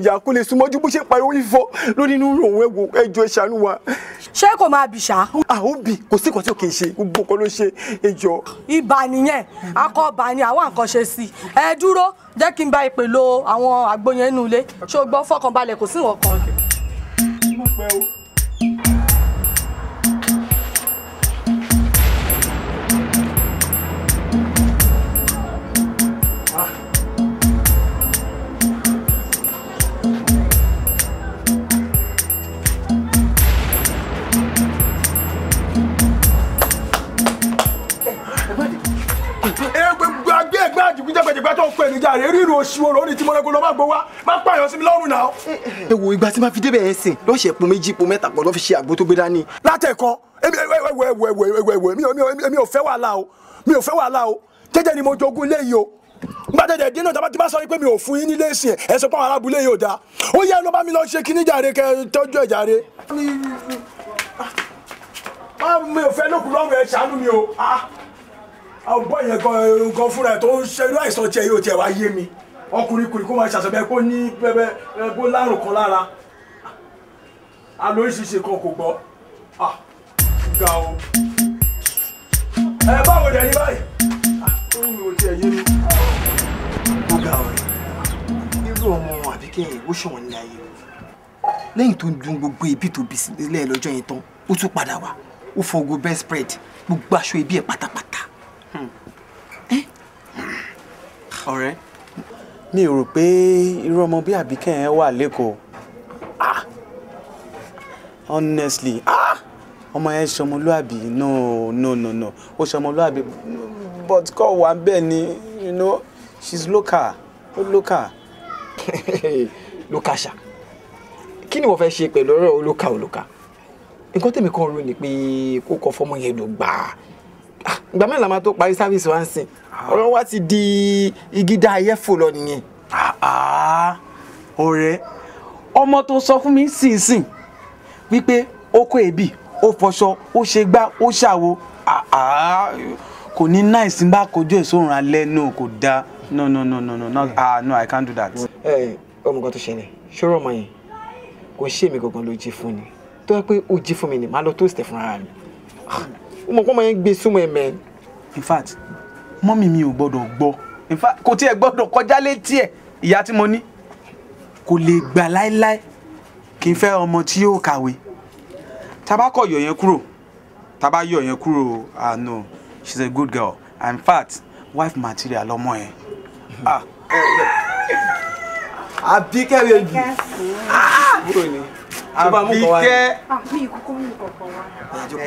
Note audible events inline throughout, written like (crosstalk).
ìyá kó lè súnmọ́jú bó ṣe pariwo ìfọ́ lórí inú òun ẹ̀wò ẹjọ́ ìṣàánú wa. ṣé kò máa bì ṣá. àwọn òbí kò sí nǹkan tí ò kì í ṣe gbogbo nǹkan ló ṣe ẹjọ́. ibà nìyẹn akọ ọba ni àwọn nǹkan ṣe sí ẹ dúró jẹ́ kí n bá ìpè lo àwọn àgbo ilé ṣó gbọ́ fọkànbalẹ̀ kò sí nǹkan kan. ti. egbègbè agbé ẹgbẹ́ àjùkú jẹ́gbẹ́jẹ́gbẹ́ tó ń pè níjà rẹ̀ ríru oṣù oró ní tìmọ̀lẹ́gbọ̀n lọ́ọ́ máa gbowá máa ń pààyàn sí mi lọ́rùn náà. ẹ wo ìgbà tí máa fi débẹ̀ ẹ̀ sìn lọ́ọ̀ṣẹ̀ pọn méjì pọn mẹ́ta pọ̀ lọ́ọ́ fi ṣe àgbo tó gbé dání. látẹ̀kọ́ èmi ò fẹ́ wàhálà o mi ò fẹ́ wàhálà o jẹ́jẹ́ ni mo jogún léyìí o gbàdẹ̀dẹ̀ dínà tí bá sọ pé mi ò fún yín nílé ìsìn ẹ̀ sọ pé àwọn arábùlé yóò dáa ó yẹ ló bá mi lọ ṣe kíní jàre kẹ tọ́jú ẹ̀ jàre. Ah, mi ò fẹ́ lókun lọ́rùn ẹ̀ ṣàánú mi o. Ah ọgbọ́n yẹn gan gan fúnra ẹ̀ tó ń ṣerú àìsàn tiẹ̀ yóò tiẹ̀ wá yé mi ọkùnrin kùnrin kó máa ṣàṣọ̀bẹ kó ní pẹpẹ kó lárùn kan lára alóríṣiríṣi kan kò gbọ́ ga o. ẹ báwo dẹ̀ ní báyìí ó ń wo tiẹ̀ yé mi. ó ga o irú ọmọ àbíkẹ́ yẹn ó ṣọ̀wọ́n ní ayé lẹ́yìn tó ń dun gbogbo ibi tó bì sílẹ̀ lọ́jọ́ yẹn tán ó tún padà wá ó fọ ogo best spread gbogbo aṣọ ibi ẹ̀ pátápátá Hmm. Eh? ọ̀rẹ́ mi ò rò pé irú ọmọ bí àbíkẹ́ yẹn wà lẹ́kọ̀ọ́ ah honestly ah ọmọ yẹn ṣọmọlúàbí no no no no ó ṣọmọlúàbí but kò wà bẹ́ẹ̀ ni you know she's local ó local. local ṣá kí ni wọ́n fẹ́ ṣe pẹ̀lú ọ̀rọ̀ olóka olóka nǹkan tèmi kan rò ni pé kó kọ fọmọ yẹn dùn gbàá ìgbà mẹ́rin la máa tó parí sáfíìsì wa ń sìn ah. ọ̀rọ̀ wa ti di igi dá ayé fò lọ nìyẹn. Ah, ah. ọ̀rẹ́ ọmọ tó sọ fún mi sínsìn wípé ó kó èébì ó fọṣọ ó ṣe gbá ó ṣàwo kò ní náìsí bá kojú èso òrùn alẹ́ náà kò dáa no no no no no no mm. ah no i can't do that. ẹ ọmọ nǹkan tó ṣẹlẹ̀ ṣọ́rọ̀ ọmọ yẹn kò ṣe èmi gangan ló jí fún ni tó yẹ pé ó jí fún mi ni màá lọ tó ṣẹ̀ fúnra mi ó mọ̀ pé ọmọ yẹn gbé súnmọ́ ẹ̀mẹ́. in fact mọ́mì mi ò gbọ́dọ̀ gbọ́ in fact kò e gbọ́dọ̀ kọjá létí ẹ̀ ìyá tí mo ní lai lè gbà láéláé kí n fẹ́ ọmọ tí yóò kàwé tabakọ̀ yọ̀ yẹn kúrò taba yọ̀ yẹn kúrò ah no she's a good girl and in fact wife material ọmọ yẹn. Ah. àbíkẹ́ rẹ̀ jù. Àbíkẹ́. Ah, mi ìkókó mi ìkọ̀kọ̀ wa.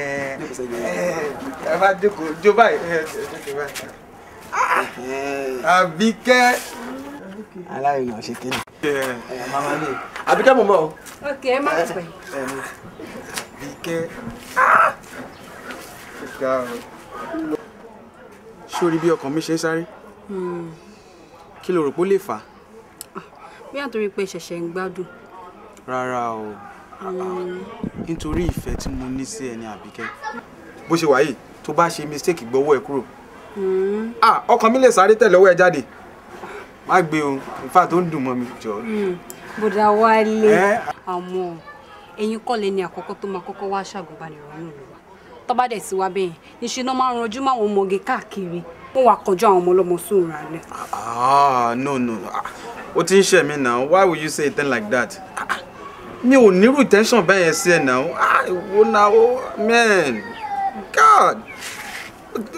ẹ bá jókòó jó báyìí eh, eh, ah. Àbíkẹ́. alárinà ṣe kí ni. Eh. Àbíkẹ́ mo mọ̀ o. ok ẹ má pẹ́. Àbíkẹ́. sórí bí ọkàn mi ṣe ń sáré hmm. kí lo rò pé ó lè fà á. Ah, bí àtòrí pé ṣẹ̀ṣẹ̀ ń nítorí ìfẹ́ tí mo ní sí ẹni àbíkẹ́ bó ṣe wà tó bá ṣe mistake gbọ́wọ́ ẹ kúrò hmm. ọkàn mi lè sáré tẹ̀lé ọwọ́ ẹ jáde má gbé o ìfà tó ń dùn mọ́ mi jọ. Hmm. bùdà wálé àmọ́ ẹ̀yin kọ́ lẹ́ni àkọ́kọ́ tó máa kọ́kọ́ wá ṣàgùnbánirọ̀ nù lọ tọ́ba dẹ̀ sí wa bẹ́ẹ̀ níṣẹ́ náà máa ń ranjú máwọn ọmọge káàkiri mo wà kọjá àwọn ọmọ ọlọ́mọ ah no no o ah, ti ń ṣe now why would you say a thing like that. Ah, mi ò nírú intention bẹ́ẹ̀ yẹn sí ẹ̀ náà ah ìwo náà man god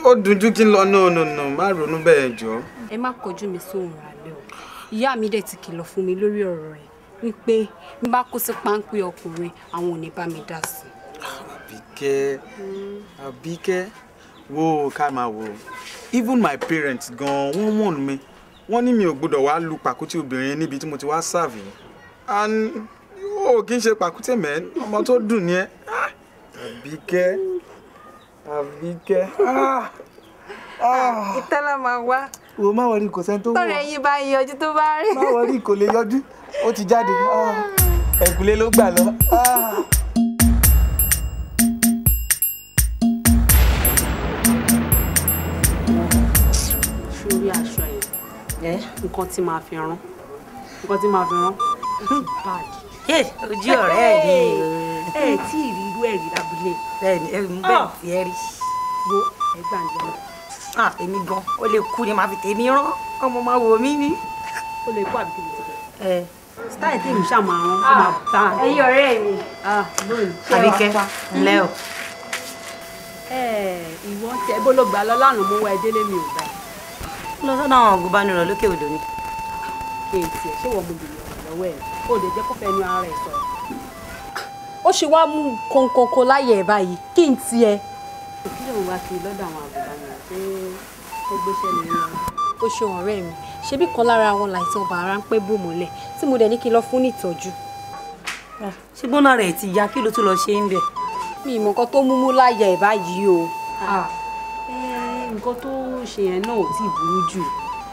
ó dunjú kí n lọ no no no má ronú bẹ́ẹ̀ jọ. ẹ má kọjú mi sóhun àlẹ́ o ìyá mi dẹ̀ ti kìlọ̀ fún mi lórí ọ̀rọ̀ ẹ̀ wípé n bá kó sí páńpẹ́ ọkùnrin àwọn ò ní bá mi dá sí. àbíkẹ́ àbíkẹ́ wo ká máa wo even my parents gan wọ́n wọ̀n mi wọ́n ní mi ò gbọ́dọ̀ wá lu pàkútí obìnrin níbi tí mo ti wá sáàfì and o kì í ṣe pàkúté mẹ́ ọmọ tó dùn ni ẹ́ ah! àbíkẹ́ àbíkẹ́ ah! Ah! ìtẹ́lá máa wá wo má wọrí kò sẹ́ni tó wọ̀ tọ́rọ ẹyin bá yọjú tó bá rí má wọrí kò lè yọjú ó ti jáde ẹ̀kúlé ló gbà lọ. sórí aṣọ yẹn nǹkan tí màá fi rán nǹkan tí màá fi rán hmm, bad ojú ọ̀rẹ́ ẹ̀ ni. ẹ ẹ tí ì rí irú ẹ̀ rí lábúlé. bẹ́ẹ̀ni ẹ mú bẹ́ẹ̀ tí ah. ẹ rí. wo ẹ gbà ń jẹun. ah èmi gan ó lè kú ni màá fi tèmi rán ọmọ máa wò mí ni. ó lè kú àbíkí mi ti bẹ̀rẹ̀. style tí mi ṣàmà àwọn ó máa bá a. Ah, ẹ̀yin ọ̀rẹ́ mi. Ah, àbíkẹ́ ńlẹ́ o. ìwọ tẹ bó ló gbà lọ lánàá mo wá ẹ délé mi ò bá. lọ sọ́dọ̀ àwọn ògùnbánirọ̀ lókè odò ni. kéèké ṣé wọ́n mú mi ìyàwó ẹ̀ o lè jẹ́ kó fẹ́ nu ara ẹ̀ sọ. ó ṣe wá mú kọ̀ǹkọ̀ǹkọ̀ láyé ẹ̀ báyìí kí n tiẹ̀. òkìlẹ̀ òun wá kiri lọ́dọ̀ àwọn àbùdá náà ṣé ó gbéṣẹ́ mi lọ. ó ṣe ọ̀rẹ́ mi ṣebí kan lára àwọn làìsàn ọba ara ń pẹ́ bò mọ́lẹ̀ tí mo dẹ̀ ní kí n lọ fún ní ìtọ́jú. Ah, ṣé gbọ́nà rẹ̀ ti ya kí ló tún lọ ṣe ń bẹ̀. mi ì mọ nǹkan tó múmú láyà ẹ̀ báyìí o. Ah, eh, nǹkan tó ṣe yẹn náà ò tí burú jù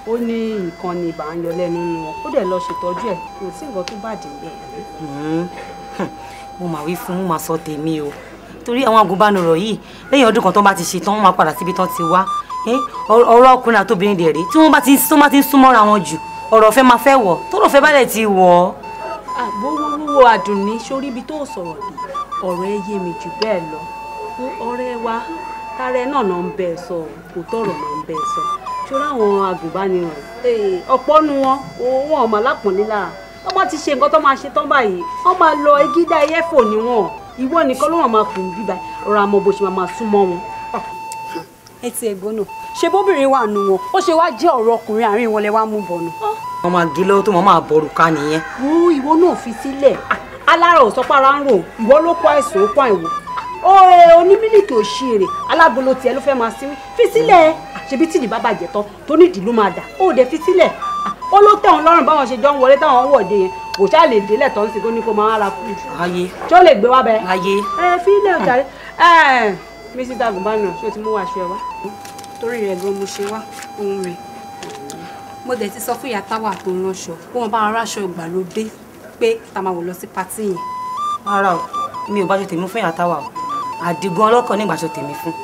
ó ní nǹkan ni ibà ń yọ lẹ́nu nínú wọn ó dẹ̀ lọ ṣètọ́jú ẹ̀ kò sí nǹkan tó bàdé bẹ́ẹ̀. (laughs) mo mà wí fún mo mà sọ tèmi o torí àwọn agùnbánirọ̀ yìí lẹ́yìn ọdún kan tó bá ti ṣe tán wọ́n máa padà síbi tán ti wá ọ̀rọ̀ ọkùnrin àtòbìnrin dẹ̀ rèé tí wọ́n bá ti ń súnmọ́ra wọn jù ọ̀rọ̀ ọ̀fẹ́ máa fẹ́ wọ̀ tọ́rọ̀ ọ̀fẹ́ bá dẹ̀ ti wọ̀ ọ́. àgbówówó àdùnní sórí ibi tó sọ̀rọ̀ dé ọ̀rọ̀ ẹ yé mi jù bẹ́ẹ̀ lọ fún ọ̀rẹ́ wa tààrẹ náà náà ń bẹ́ẹ̀ sọ kò tọ̀rọ̀ náà ń bẹ́ẹ̀ sọ ṣọ́ra àwọn agùnbánirọ̀ ọ̀pọ̀ nu wọn wọn ọ̀mọ̀ lápọ̀nlélà wọ́n bá ti ṣe nǹkan tó máa ṣe tán báyìí wọ́n máa lọ egídá ẹyẹ́fò ni wọn ìwọ nìkan ló wọ́n máa kù bíbá rọra mọ bó ṣe máa súnmọ́ wọn. ẹ ti ẹ̀gbọ́n náà ṣe bóbìnrin wà nù wọn ó ṣe wá jẹ́ ọ̀rọ̀ ọkùnrin àárín wọn lẹ wá mú bọ̀nù. wọn máa gé lọ́wọ́ tó wọn máa bọ̀rù ká nìyẹn. wú ìwọ náà fi sílẹ̀ alára ò sọ para ń rò ìwọ ló kó àìsàn ó kó àìwò onímílìkì òṣèré alábolo tiẹ̀ ló fẹ́ máa sinmi fi sílẹ̀ ṣebí tìdí bá bàjẹ́ tán tó nídìí ló máa dà ó dẹ̀ fi sílẹ̀ ó ló tẹ̀ wọn lọ́rùn báwọn ṣe jọ ń wọlé táwọn wọ̀de yẹn kò ṣáà lè délẹ̀ tán sí kó ní kó máa ra fún un. ayé tí ó lè gbé wá bẹ. ayé ẹ fi ilé òjàre ẹ mísítà gùnbánu ṣé o ti mú aṣọ ẹ wá. torí rẹ gan mo ṣe wá ohun rẹ mo dẹ̀ ti sọ fún ìyá táwa tó ránṣọ kó wọn bá aráṣọ ìgbàlódé pé ta máa wò lọ sí patí yẹn. ara o mi ò bá ṣe tèmi fún ìyá táwa o àdìgún ọlọ́kọ̀ nígbà ṣe tèmi fún.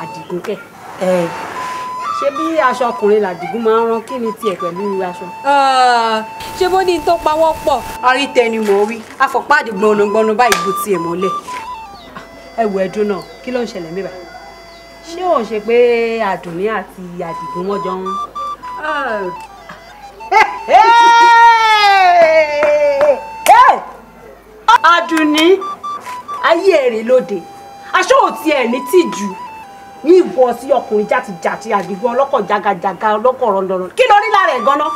àdìgún kẹ́ẹ̀ ṣé bí aṣọ ọkùnrin làdìgún máa ń rán kí ni tiẹ̀ pẹ̀lú aṣọ. Ah, ṣé bó ní tó pawọ́ pọ̀. ọrí tẹni mò ń wí afọ̀pá àdìgbọ́n onugbọ́nu báyìí bu tiẹ̀ mọ́lẹ̀. Ah, ẹ wo ẹdun náà kí ló ń ṣẹlẹ̀ mí báyìí. ṣé ò ń ṣe pé àdùnní àti àdìgún wọn jọ ń. Ah. àdùnní ayé èrè lóde aṣọ òtí ẹ̀ ní tìjú yíbọn sí ọkùnrin jàtìjàtì àdìgún ọlọ́kọ̀ jagajaga ọlọ́kọ̀ rọ̀ndọ̀rọ̀ kí ló rí lára ẹ̀ gan-an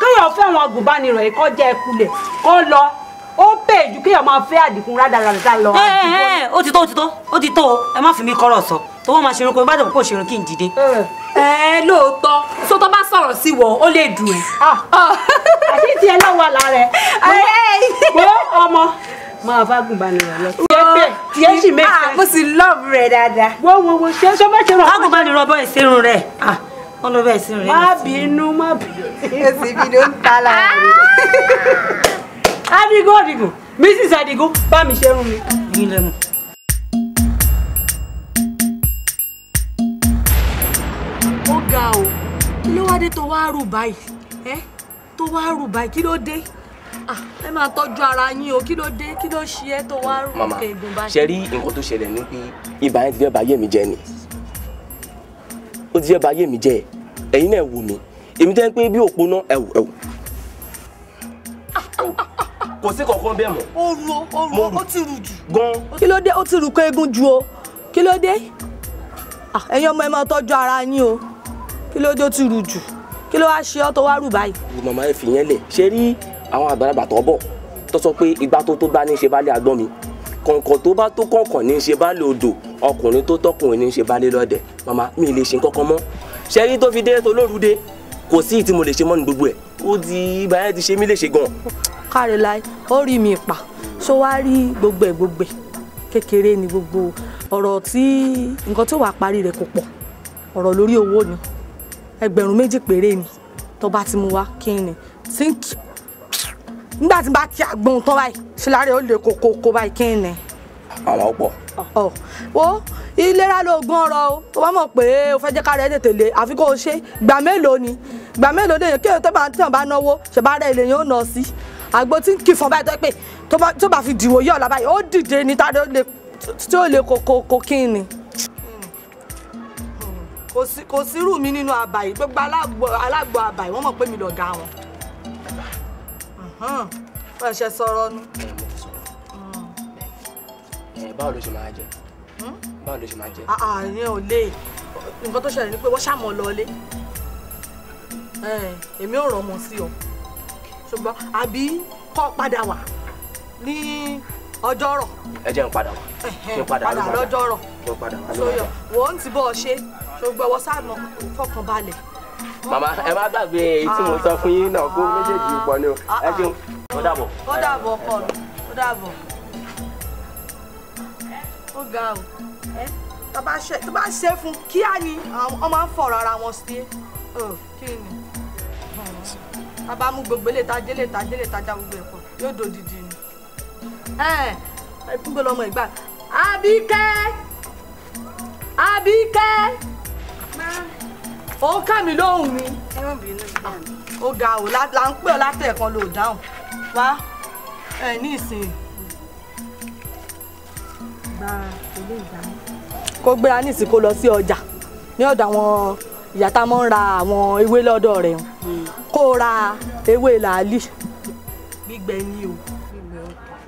kéèyàn fẹ́ wọn àgùnbánirọ̀ ẹ̀ kọ́ jẹ́ ẹkulẹ̀ kó lọ ó pè jù kéèyàn máa fẹ́ àdìgún rádaràdà lọ. ó ti tó ó ti tó ó ti tó ẹ má fi mi kọ́rọ̀ sọ tó wọ́n máa ṣerun kó ìbàdàn kó ṣerun kí n dìde. ẹ lóòótọ́ so bá sọ̀rọ̀ sí wọ ó lè dùn ẹ́. àṣìṣe ẹ lọ́wọ́ lára ẹ̀ máa bá gùnbánirọ̀ lọ. tiẹ́ tiẹ́ sì make ah, sense. mo sì love rẹ̀ dáadáa. wo wo wo ṣe ṣe bá ṣe rọ. agùnbánirọ̀ bọ́ ìṣerun rẹ̀ ah, wọ́n lọ bá ìṣerun rẹ̀. má bínú má bínú. èsì mi ló ń ta lára rẹ̀. Ah! adigun adigun mrs adigun bá mi ṣerun mi. yín lẹ́mu. ó ga o kí ló wá dé tó wá rù báyìí tó wá rù báyìí kí ló dé. Ah, ẹ máa tọ́jú ara yín o kí ló dé kí ló ṣe é tó wá rú egun báyìí. ṣe rí nǹkan tó ṣẹlẹ̀ ní pé ibà yẹn ti fẹ́ bayé mi jẹ ni ó ti fẹ́ bayé mi jẹ ẹ̀yin náà wò mí èmi tẹ́ ń pé bí òpó náà ẹ̀wù ẹ̀wù kò sí kankan bẹ́ẹ̀ mọ́. ó ru ó ru ó ti rù jù. gan. kí ló dé ó ti rù kó egun ju o kí ló dé ah, ẹ̀yin ọmọ ẹ máa tọ́jú ara yín o kí ló dé ó ti rù jù kí ló wá ṣe ọ́ tó wá rù báyìí. màmá ẹ fìyẹn lẹ̀ ṣe rí àwọn àgbàlagbà tó bọ̀ tó sọ pé igbá tó tó bá ní í ṣe bálé agbọ́n mi kọ̀ǹkọ̀ tó bá tó kọ̀ǹkọ̀ ní í ṣe bálé odò ọkùnrin tó tọkùnrin ní í ṣe bálé lọ́dẹ̀ màmá mi lè ṣe kankan mọ́ ṣe rí tó fi dé tó lóru dé kò sí ìtí mo lè ṣe mọ́ ní gbogbo ẹ̀ ó di ibà yẹn ti ṣe mí lè ṣe gan. kárẹ̀ láì ó rí mi pa ṣó wá rí gbogbo ẹ̀ gbogbo ẹ̀ kékeré ni gbogbo ọ̀rọ̀ tí nǹkan tó wà parí rẹ̀ kò pọ̀ ọ̀rọ̀ lórí owó ni ẹgbẹ̀rún méjì péré ni tó bá ti mú wá kí ni think nígbà tí n bá kí àgbọn tán báyìí ṣe láre ó lè kókókó báyìí kí n ní. àwọn ọ̀pọ̀. ọ wo ìlera lóògùn ọrọ o tó bá mọ̀ pé o fẹ́ jẹ́ ká rẹ̀ tètè lé àfi kó o ṣe gbà mélòó ni gbà mélòó lèyìn kí èyí tó bá ń tàn bá náwó ṣèbá rẹ̀ lèyìn ó nà sí àgbo tí ń kì fún báyìí tó pé tó bá fi dìwò yí ọ̀la báyìí ó dìde ní tàdé tí ó lè kókókó kí n ní. kò sírù mi nínú àbàyí gbogbo alágbó àbàyí wọ́n mọ̀ pé mi lọ̀gá wọn. Hmm. bá a ṣe sọ̀rọ̀ nu. ẹ mo ti sọ̀rọ̀ ẹ báwo ló ṣe máa jẹ hmm? báwo ló ṣe máa jẹ. àyẹn ah, ah, ò lè nǹkan tó ṣẹlẹ̀ ni pé wọ́n ṣàmọ̀ lọlé eh, èmi ò rọ̀ mọ́ sí ọ ṣùgbọ́n àbí kọ́ padà wá ní ọjọ́rọ̀. ẹ jẹ́ n padà wá eh, eh, kí n padà wá lọ́jọ́rọ̀ kí n padà wá lọ́jọ́rọ̀. sọyọ wọ́n ti bọ́ ṣe ṣùgbọ́n wọ́n sá fọkànbalẹ̀. Mama, ẹ má gbàgbé èyí tí mo sọ fún yín náà kó méjèèjì pọ̀ ni o ẹ ṣeun ah, ah. ó dàbọ̀. ó dàbọ̀ ọkọ mi ó dàbọ̀ ó ga o tó bá ṣe fún kíá ni wọ́n máa ń fọ̀rọ̀ ara wọn sí kí ni tábà mú gbogbo ilé ìtajà ilé ìtajà ilé ìtajà gbogbo ẹ̀kọ́ yóò dòdìdì ni níbo lọmọ ìgbà Àbíkẹ́ Àbíkẹ́ ó kà mí lóhùn mi. ẹ má bínú bíyà mi. ó ga o la ń pè ọ látẹ̀kan ló dáhùn wá ẹ ní ìsìn. gba ilé ìdáná. kó gbéra ní ìsìn kó lọ sí ọjà ní ọ̀dọ̀ àwọn ìyá tá a máa ń ra àwọn ewé lọ́dọ̀ rẹ̀ hmm. kó ra ewé làálì gbígbẹ ni o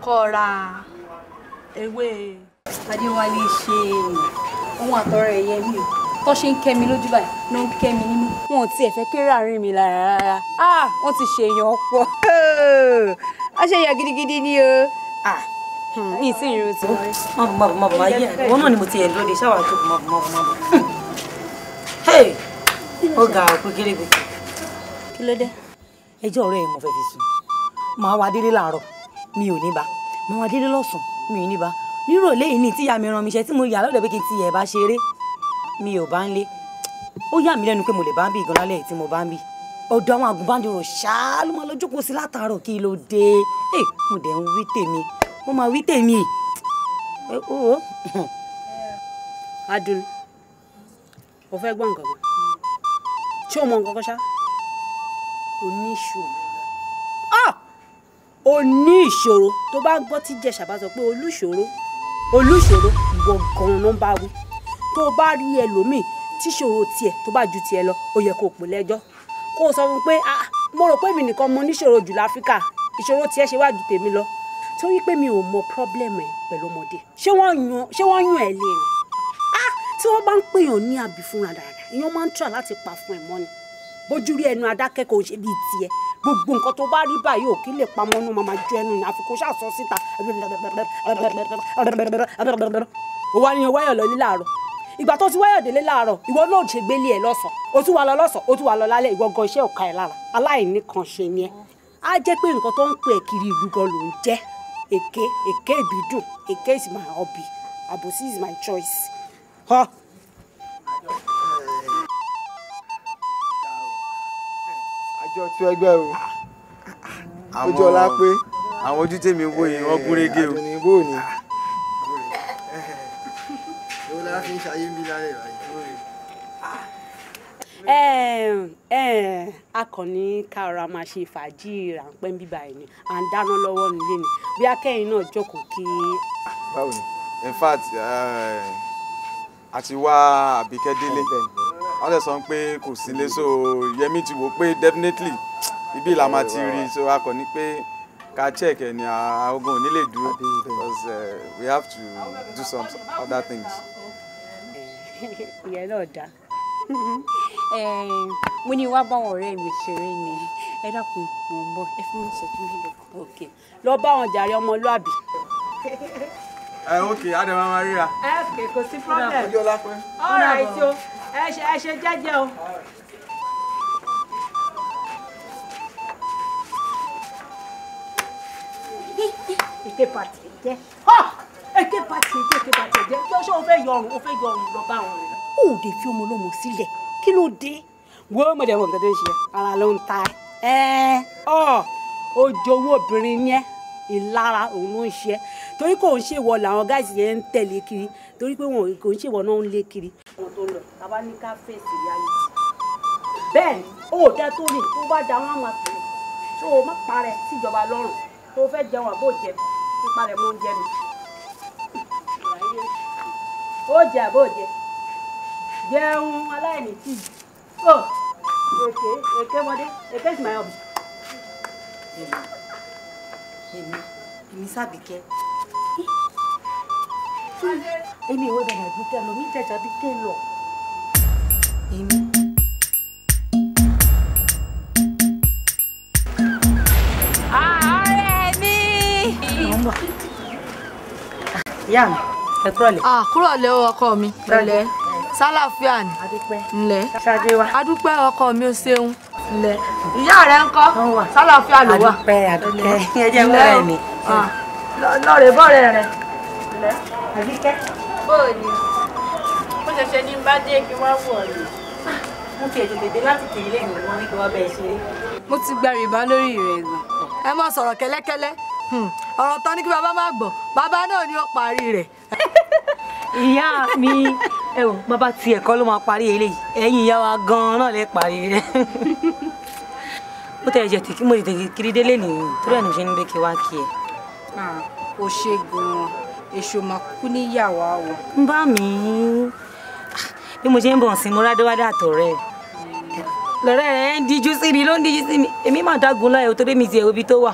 kó ra ewé. Adéwálé ṣe ohun àtọ́rẹ̀ yẹn mi o tó ṣe ń kẹ́ mi lójú báyìí náà ń kẹ́ mi nínú. wọn ò tiẹ̀ fẹ́ kéré àárín mi lára rárá ah ti ṣèyàn pọ̀ (laughs) a ṣe yà gidigidi ni o yìí ah, hmm, sì rú ti. mọ̀bù mọ̀bù mọ̀bù ayé àwọn náà ni mo ti ẹ̀ lóde ṣáwà tó mọ̀bù mọ̀bù mọ̀bù. ó ga òkú kérégbè. kí ló dé. ẹjọ́ ọ̀rẹ́ ẹ̀ mo fẹ́ fi sùn màá wá délé làárọ̀ mi ò ní bá màá wá délé lọ́sàn-án mi ò ní bá nírọ̀lẹ́ yìí ni tíyà mi ràn mí ṣe tí mo yà lọ́dọ̀ pé kí n ti ẹ̀ bá ṣeré mi ò bá ń lé ó yà mí lẹ́nu pé mo lè bá ń bì gan tí mo bá ń bì ọ̀dọ̀ àwọn àgùnbánirọ̀ ṣáá ló máa lọ jókòó sí látàárọ̀ kí ló dé ẹ mo dẹ̀ ń wí tèmi mo máa wí tèmi ẹ o. adùn o fẹ́ gbọ́ nǹkan kan ṣé o mọ nǹkan kan ṣá oníṣòro oní ìṣòro tó bá gbọ́ tí jẹ̀ṣà bá pé olúṣòro olúṣòro ìwọ ló ń bá wí tó o bá rí ẹlòmíì tíṣòro tiẹ̀ tó bá ju tiẹ̀ lọ ó yẹ kó o pè lẹ́jọ́ kó o sọ fún un pé ah mo rò pé mi nìkan mo níṣòro jù láfíríkà ìṣòro tiẹ̀ ṣe wá ju tèmi lọ torí pé mi ò mọ problem ẹ̀ pẹ̀lú ọmọdé ṣé wọ́n yún ẹ̀ lé rìn ah tí wọ́n bá ń pèèyàn ní àbí fúnra dáadáa ìyẹn máa ń try láti pa fún ẹ̀ mọ́ni bójú rí ẹnu adákẹ́kọ̀ọ́ ṣe bíi tiẹ̀ gbogbo nǹkan tó bá rí báyìí ò kí lè pamọ́ nú màmá ju ẹnu ní àfikún ṣàṣọ síta ó wá ní ọwáyọ̀ ní láàárọ̀ ìgbà tó ti wáyọ̀ délé láàárọ̀ ìwọ náà ṣe gbélé ẹ̀ lọ́sàn o tún wà lọ lọ́sàn o tún wà lọ lálẹ́ ìwọ gan iṣẹ́ ọ̀ka ẹ̀ lára aláìní kan ṣe ni ẹ́ á jẹ́ pé nǹkan tó ń pè kiri ìlú gan ló ń jẹ́ èké èké ìbídùn èké is my hobby àbòsí is my choice. Huh? àjọ tí ẹgbẹ́ o ojú ah, ah, ah. ọlá pé àwọn ojú tèmi wò yìí wọ́n gúnrégé o fi ń ṣayé ń bí lálẹ́ báyìí. akọni kára máa ṣe fàájì ráńpẹ́ bíbá ẹ̀ ni à ń dáná lọ́wọ́ nílé ni bí akẹ́yìn náà jókòó kí. báwo ni in fact a ti wá àbíkẹ́ délé wọ́n dẹ̀ sọ pé kò sílé so yẹmi ti wò pé definitely ibi la máa ti rí so a kò ní pé ká check ẹ̀ ní àwọn ogun ò ní lè dúró because uh, we have to do some other things. (laughs) ìyẹn náà dá (laughs) mo ní wá báwọn ọ̀rẹ́ mi ṣeré ni ẹ dákun mò ń bọ̀ ẹ fún mi ṣètò mi lọ. ok lọ bá wọn jàre ọmọlúàbí. (laughs) ẹ ok adama máa ríra. ẹ kè kò sí problem. ojú ọlá pẹ́. ọ̀rọ̀ ètò ẹ ṣe ẹ ṣe jẹ́jẹ́ o. ìpè pàtì jẹ́ èké bá tiẹ̀ jẹ́ èké bá tiẹ̀ jẹ́ kí ọṣọ́ o fẹ́ yọ ọrùn o fẹ́ yọ ọrùn lọ bá wọn rẹ̀. ó ò dé fi ọmọ ọlọ́mọ sílẹ̀ kí ló dé. wo mọ̀dẹ̀ wọn nǹkan tó ń ṣe ara ló ń ta ẹ ọ ojú owó obìnrin ni ẹ ìlara òun ló ń ṣe torí kò ń ṣèwọ làwọn gáàsì yẹn ń tẹ̀lé kiri torí pé wọn kò ń ṣèwọ náà ń lé kiri. wọn tó lọ tàbá ní ká fèsì ìyá bẹ́ẹ̀ ni ó dá tó rìn tó bá da wọn máa pè tó o má parẹ́ síjọba lọ́rùn tó fẹ́ jẹun àbò jẹ pípa rẹ̀ mọ́ oúnjẹ mi ó jẹ àbó jẹ jẹun aláìní tí ó èké èké mọdé èké sì máa yọ bù. èmi èmi sábìkẹ́ èmi ìwé bẹ̀rẹ̀ àbíkẹ́ lọ mí jẹ́jà bíkẹ́ lọ èmi. ọ̀rẹ́ mi. ìyá mi ẹ kúrọ̀lẹ́. à ah, kúrọ̀lẹ́ o ọkọ mi. pẹ̀lẹ́ sálàfíà ni. adúpẹ́. ǹlẹ́. ṣáájú wa. adúpẹ́ ọkọ mi ó ṣeun. ǹlẹ́. ìyá rẹ ń kọ́. sálàfíà ló wà. adúpẹ́ adúpẹ́ ẹ jẹ́ wúrẹ́ mi. Ah. lọ́ọ̀rẹ́ bọ́ọ̀rẹ́ rẹ. ǹlẹ́. àbíkẹ́. bóòlì mo ṣẹ̀ṣẹ̀ ní bá dé kí wọ́n wọ̀ ọ́ mo ti ètò tètè láti tèmi lẹ́yìn wọn ní kí wọ́n bẹ́ẹ̀ ṣeré. mo ti gba rìbá lórí rẹ̀ gbà. ẹ má sọ̀rọ̀ kẹ́lẹ́kẹ́lẹ́ hmm. ọ̀rọ̀ tán ní kí bàbá má gbọ́ bàbá náà ni ó parí rẹ̀ (laughs) ìyá mi ẹ wò bàbá tiẹ̀ kọ́ ló máa parí eléyìí ẹ̀yin ìyá wa gan-an náà lè parí rẹ̀ (laughs) mo tẹ̀ ẹ̀jẹ̀ tí mo tètè kiri délé nìyí torí ẹ̀ ní ṣe ń gbé kí wá kí ẹ. o ṣe gan-an èso máa kú níyàwó àwọn. ń bá mi bí mo ṣe ń bọ̀ sí mo rádéwádé àtọ̀rẹ́ ẹ̀ lọ́rẹ́ rẹ̀ ń díjú sí mi ló ń díjú sí mi èmi mà dágun lọ́yẹ̀ o torí mi ti ẹ̀ obi tó wà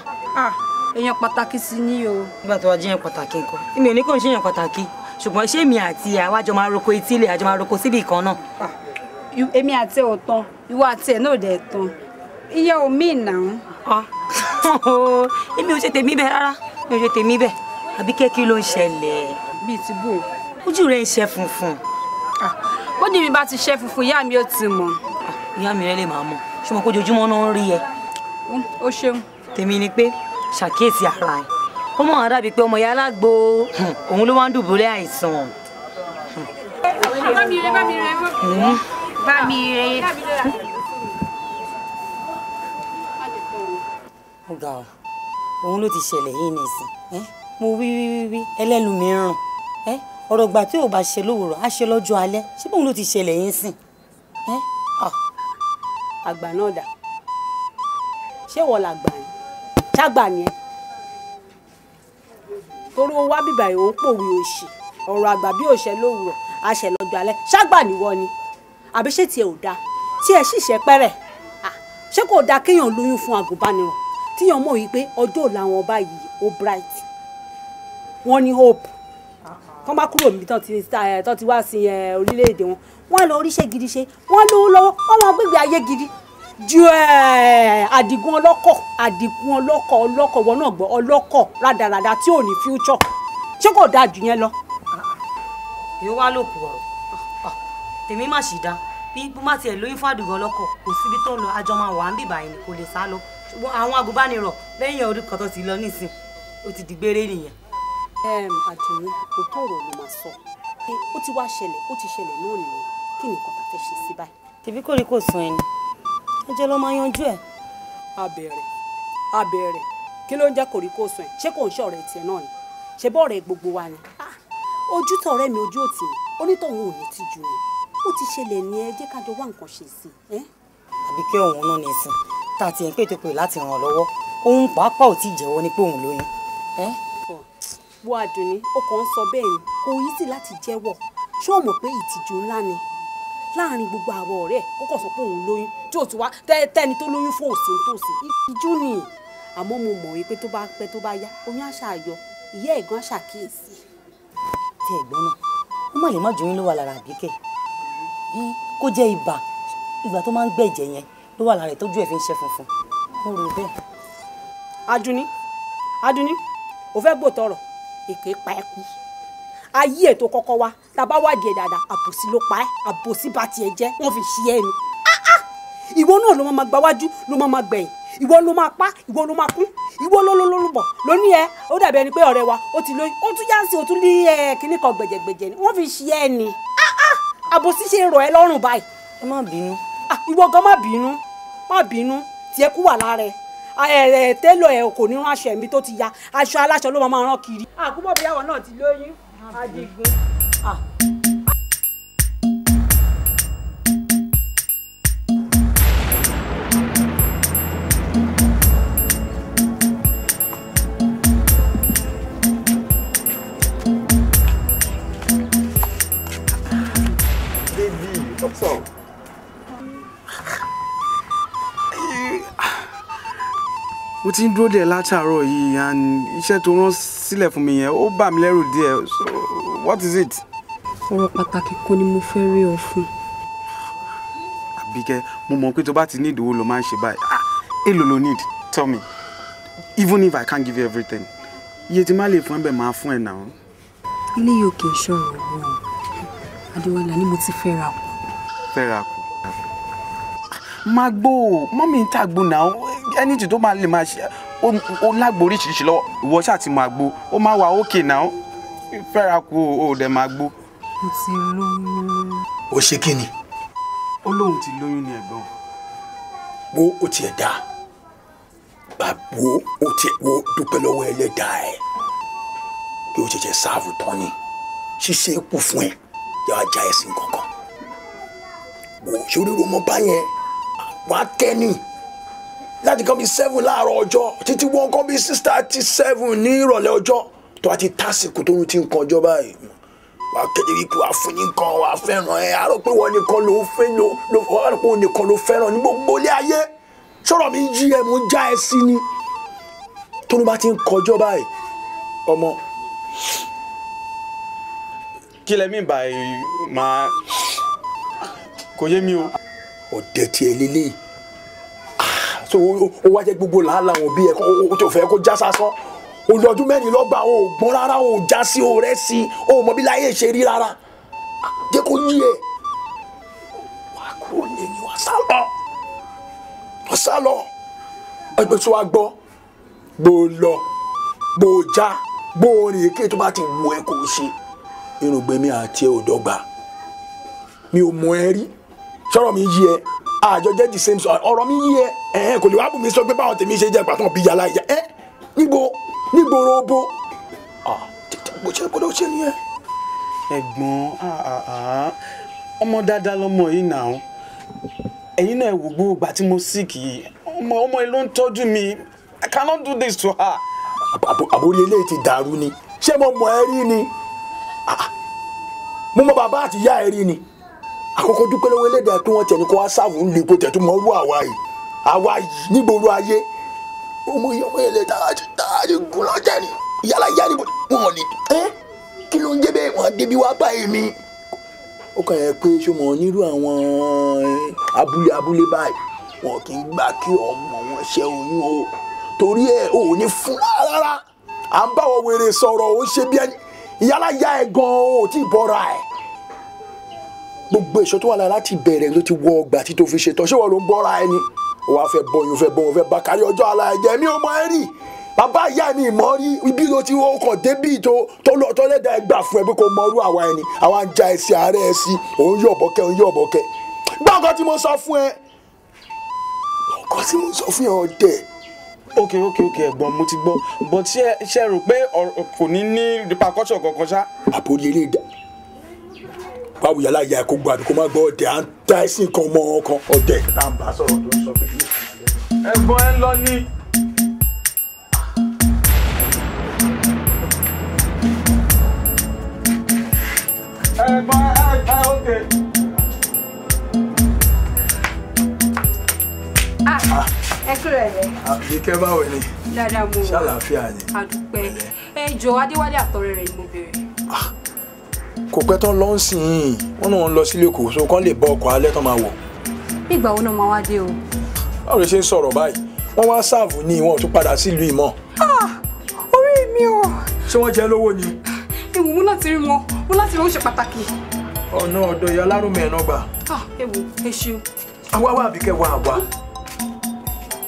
èèyàn pàtàkì sí ni o. nígbà tó wá jẹ́ èèyàn pàtàkì nǹkan èmi ò ní kò ń ṣe èèyàn pàtàkì ṣùgbọ́n ṣé èmi àti àwa jọ máa roko etí ilé àjọ máa roko síbì kan náà. Ah, èmi àti ẹ̀ ò tán ìwọ àti ẹ̀ náà dẹ̀ tán iye ò mí ìnà ń. Ah, (laughs) èmi ò ṣe tèmi bẹ́ẹ̀ rárá mi ò ṣe tèmi bẹ́ẹ̀ àbí kẹ́kí ló ń ṣẹlẹ̀. bíi ti bò. ojú rẹ̀ ń ṣe funfun. Ah, bójú mi bá ti ṣe funfun ìyá mi ò ti mọ̀. ìyá mi rẹ lè máa mọ̀ ṣùgbọ́n kójoojúmọ́ náà ń rí ẹ. o ṣeun. tèmi ni pé ṣàkíyèsí ara ẹ̀ ó mọ̀ ọ́n dàbí pé ọmọ ìyá alágbo hmm. òun ló wá ń dùbúlẹ̀ àìsàn. bá mi rẹ mo ga ọ òun ló ti ṣẹlẹ̀ yìí nìsín mo wí wí wí wí ẹlẹ́nu mi ràn ọ̀rọ̀ gbà tí ò bá ṣe lówùrọ̀ á ṣe lọ́jọ́ alẹ́ ṣé bóun ló ti ṣẹlẹ̀ yìí sìn àgbà náà dà ṣé wọ́n làgbà ni ṣàgbà yẹn torí ó wá bìbà yìí ó pòwe òṣì ọ̀rọ̀ àgbà bí òṣẹ́ lówùrọ̀ àṣẹ lọ́jọ́ alẹ́ ṣàgbà níwọ ni àbí ṣé tiẹ̀ ò dáa tí ẹ ṣìṣẹ́ pẹ́rẹ̀ ṣé kò dáa kéèyàn lóyún fún agùnbánirọ̀ tíyàn mọ̀ wípé ọjọ́ ọ̀la wọn báyìí ó bright wọ́n ní hope kọ́ bá kúrò níbi tán ti tán ti wá sí eh, orílẹ̀-èdè wọn wọ́n lọ oríṣẹ́ gidi ṣe wọ́n lówó lọ́wọ́ wọ́n máa gbégbé ayé gidi ju àdìgún ọlọ́kọ̀ àdìgún ọlọ́kọ̀ ọlọ́kọ̀ wọn náà gbọ́ ọlọ́kọ̀ rádaràda tí ò ní future ṣé kò dáa jù yẹn lọ. èyí wá ló kù ọ̀rọ̀ tèmi má sì dá bí bó má tiẹ̀ lóyún fún àdìgún ọlọ́kọ̀ kò síbi tó ń lọ àjọ máa wà á ń bìbà yìí kò lè sá lọ àwọn agùnbánirọ̀ lẹ́yìn ọdún kan tó ti lọ nísìn ó ti dìgbére nìyẹn. àdùnní òótọ́ ọ̀rọ̀ ló máa sọ ó ti wá ṣẹlẹ̀ ó ti ṣẹlẹ̀ náà nìyẹn kí nìkan tá ṣe sí báyìí. tèmi kò rí kò sún ẹni ẹ jẹ́ lọ́ máa yanjú ẹ̀. abẹ́rẹ́ abẹ́rẹ́ kí ló ń jẹ́ kòríkòsùn ẹ̀ ṣé kò ń ṣọ̀rẹ́ tiẹ̀ náà ni ṣe bọ́ ọ̀rẹ́ gbogbo wa ni. Ah, ojú tọ̀rẹ́ mi ojú òtì mi onítọ̀hún ò ní tìjú ni ó ti ṣẹlẹ̀ ní ẹ jẹ́ ká jọ wá nǹkan ṣe sí i. àbí kí ọ̀hún náà ní ìsìn tá a ti ń pè tó pè láti ràn lọ́wọ́ òun pàápàá ò tí ì jẹ́wọ́ ní pé òun lóyún. wo àdùnní ó kàn ń sọ bẹ́ẹ̀ ni kò yí sí láti jẹ́wọ́ ṣé o mọ̀ pé ìtìjú ńlá ni láàrin gbogbo àwọn ọ̀rẹ́ kó kàn sọ pé òun lóyún tí ò ti wá tẹ́ni tó lóyún fún òsì tòsí. ìjú ni àmọ́ mo mọ̀ wípé tó bá pẹ́ tó bá yá oyún àṣà àyọ ìyá ẹ̀gbọ́n ṣàkíyèsí. tí ẹ̀gbọ́n náà ó má lè má jòyún ló wà lára àbíkẹ́ bí kó jẹ́ ibà ìgbà tó máa ń gbẹ̀jẹ̀ yẹn ló wà lára ẹ̀ tójú ẹ̀ fi ń ṣe funfun mo rò bẹ́ẹ̀. aduni aduni ò fẹ́ gbòòtọ̀ ọ̀rọ̀ èké pa ẹ̀kú ayé ètò kọ́kọ́ wa tàbá wádìí ẹ dáadáa àbòsí ló pa ẹ àbòsí bá tiẹ jẹ wọn fi ṣí ẹ ni ah, ah! ìwọ náà ló máa gba wájú ló máa gbẹ̀yìn ìwọ ló máa pa ìwọ ló máa kún ìwọ ló ló ló ló bọ lóní ẹ ó dàbí ẹni pé ọ̀rẹ́ wa ó ti lóyún ó tún yá sí ó tún ní kíní kan gbẹ̀jẹ̀gbẹ̀jẹ̀ ni wọ́n fi ṣí ẹ ni ah, àbòsí ṣe rọ̀ ẹ́ lọ́rùn báyìí. ẹ má bínú. ìwọ gan má bínú má bínú tiẹ̀ kú wà lára ẹ ẹ̀rẹ̀ tẹ́lọ̀ ẹ̀ kò ní rán aṣọ ẹ̀mí tó ti ya aṣọ aláṣọ ló máa rán kiri. àkúbọ̀ bí náà ti lóyún adigun mo ti ń dúró dẹ̀ látàárọ̀ yìí iṣẹ́ tó rán sílẹ̀ fún mi yẹn ó bà mí lẹ́rù díẹ̀ so what is it. ọ̀rọ̀ pàtàkì kan ni mo fẹ́ rí ọ fún. àbíkẹ́ mo mọ̀ pé tó bá ti ní ìdòwò ló máa ń ṣe báyìí ah èlò ló need tell me even if i can't give you everything iye tí má lè fún ẹ bẹ́ẹ̀ máa fún ẹ náà. ilé yóò kì í ṣọ̀rọ̀ owó o adéwọlá ni mo ti fẹ́ ra kù. fẹ́ ra kù. máa gbó o mọ́mí ń tàgbó náà ẹni tí tó máa lè máa ṣe ó lágbo oríṣiríṣi lọ́wọ́ ìwọ ṣáà ti máa gbó ó máa wà ókè náà fẹ́ra kú o dẹ̀ máa gbó. mo ti lóyún. o ṣe kí ni. ó lóun ti lóyún ni ẹ̀gbọ́n. wo o tiẹ̀ dá bàbá o tiẹ̀ wo dúpẹ́ lọ́wọ́ ẹlẹ́dàá ẹ̀ bí o jẹjẹ sáàfù tán ni ṣíṣe é kù fún ẹ yàrá já ẹ̀sìn kankan wò sórí ọmọ báyẹn wàá tẹ́ni láti kan bíi seven láàárọ̀ ọjọ́ títí wọn kan bíi six thirty seven ní ìrọ̀lẹ́ ọjọ́ tó bá ti tásìkò tó ń ti nǹkan ọjọ́ báyìí wà á kéde wípé wà á fún yín kan wà á fẹ́ràn ẹ àárọ̀ pé wọ́n nìkan ló fẹ́ ló wọ́n àárọ̀ pé wọ́n nìkan ló fẹ́ràn ní gbogbo ilé ayé sọ̀rọ̀ mi yí ẹ mo já ẹ sí ni tó ló bá ti ń kọjọ́ báyìí ọmọ. kí lẹ mi bá máa kò yé mi o. ọ̀dẹ̀ tiẹ̀ lélẹ́yìí ah, so o wá jẹ́ gbogbo làálàá wọn bí ẹ tó fẹ́ kó já sásán olọ́dún mẹ́rin lọ́gbà o ò gbọ́n rárá o ò já sí o rẹ́ sí o ò mọ bí láyé ṣe rí rárá jẹ́ kó yí ẹ wàá kúrò lẹ́yìn wàá sá lọ wàá sá lọ ẹgbẹ́ tó wá gbọ́ bó lọ bó já bó rìn èké tó bá ti wù ẹ kó ṣe irùngbẹ́mi àti ẹ mi ò mọ ẹ rí sọ̀rọ̀ mi yí ẹ àjọ jẹ́ the same ọ̀rọ̀ mi yí ẹ ẹ̀ẹ́n kò lè wá bù mí sọ pé báwọn tèmi ṣe jẹ́ pàtó bí yàrá ìyá ẹ níbo nígboro obo bó ṣe kó ló ṣe nìyẹn. ẹ̀gbọ́n ọmọ dáadáa lọmọ yìí náà ẹ̀yin náà wò gbogbo ìgbà tí mo sick yìí ọmọ ọmọ yìí ló ń tọ́jú mi I cannot do this to her. àbórí eléyìí ti dàrú ni ṣé mo mọ̀ ẹ́ rí ni mo mọ̀ bàbá àti ìyá ẹ̀ rí ni àkọ́kọ́ dúpẹ́ lọ́wọ́ ẹlẹ́dàá pé wọ́n tẹ̀ ní kó wá sáàbù ń lu ipò tẹ̀ tó mọ̀ ọ́rú àwa yìí àwa yìí nígboro ayé ọmọ yẹn ọmọ yẹn lè tààjì tààjì gùn lọ́jà ni yàrá yàrá ni wọ́n lè ẹ́ kí ló ń jẹ́ bẹ́ẹ̀ wọ́n débi wá báyìí mi. ó kàn yẹ pé ṣé wọn nírú àwọn abúlé abúlé báyìí wọn kì í gbà kí ọmọ wọn ṣe oyún o torí ẹ ò ní fún rárá à ń báwọ wèrè sọ̀rọ̀ ó ṣe bí ẹni yàrá yá ẹ gan-an ò tí ì gbogbo ìṣọ́ wà láti bẹ̀rẹ̀ ló ti wọ ọgbà tí tó fi ṣetán ṣé wọn ló ń bọ́ra ẹni ó wá fẹ́ bọyìn ó fẹ́ bọyìn ó fẹ́ bá kárí ọjọ́ ala mi ò mọ ẹ rí bàbá ìyá mi ìmọ̀ rí ibi ló ti wọ́n kàn débì tó tó lọ tó lẹ́dà ẹgbà fún ẹ pé kò mọrú àwa ẹni àwa ń ja ẹsẹ̀ ààrẹ ẹ sí òun yọ̀ bọ́kẹ́ òun yọ̀ bọ́kẹ́ gbọ́ǹkan tí mo sọ fún ẹ ọkọ tí mo sọ fún ẹ ọdẹ ok ok ok ẹ̀gbọ́n mo ti gbọ́ but ṣe ṣe rò pé kò ní ní repercussion kankan ṣá. àpò lè lè dá báwo yàrá ìyá ẹ̀ kó gbọ́ àbí kó má gbọ́ ọ̀dẹ̀ à ń ta ẹ̀sìn kan mọ́ ọkàn ọ̀dẹ̀. ẹ̀gbọ́n ẹ lọ ní. ẹ̀gbọ́n ẹ ah, ah, báwo ni. ṣàlàáfíà ni. ẹ jọ adéwálé àtọ̀rẹ́ rẹ̀ ni mo béèrè kò pẹ́ tán lọ ń sìn ín wọ́n náà ń lọ sílé kò so kán lè bọ ọkọ̀ alẹ́ tán máa wọ̀. ìgbà wo náà máa wá dé o. báwo lè ṣe ń sọ̀rọ̀ báyìí wọ́n wá sáàfù ní ìwọ̀n tún padà sílùú ìmọ̀. Ah, orí mi o. ṣé wọ́n jẹ lówó ni. ewu mú láti rí wọn mú láti rí wọn ṣe pàtàkì. ọ̀nà ọ̀dọ̀ ìyá alárùnmọ̀ ẹ̀ náà gbà. Ah, ewu ẹ ṣeun. àwa wá àbíkẹ́ wá àwa.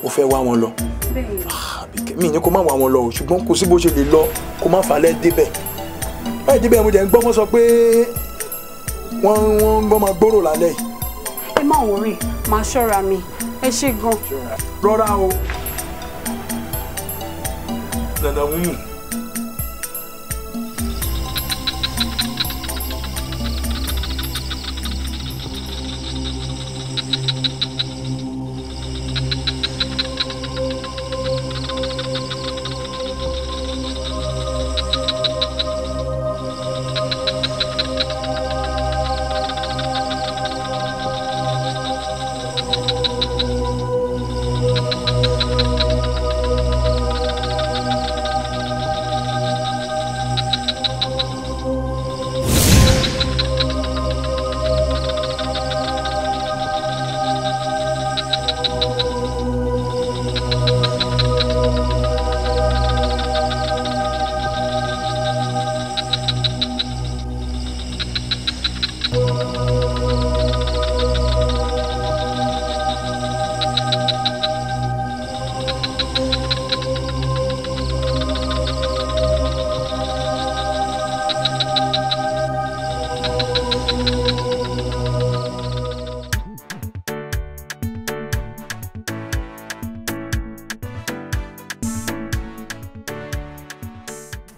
o fẹ́ wá wọn lọ. bẹ́ẹ̀ ni. Ah, àbíkẹ́ mi ni kò má wá wọn lọ o ṣùgbọ́n kò sí bó ṣe lè lọ kó má falẹ̀ débẹ̀ ẹ jí bẹ́ẹ̀ mo jẹ́ ń gbọ́ mọ́ sọ pé wọ́n wọ́n wọ́n máa gbòòrò lálẹ́ yìí. ẹ má wọrí màá ṣọ́ra mi ẹ ṣe gan. rọra o. dandan mú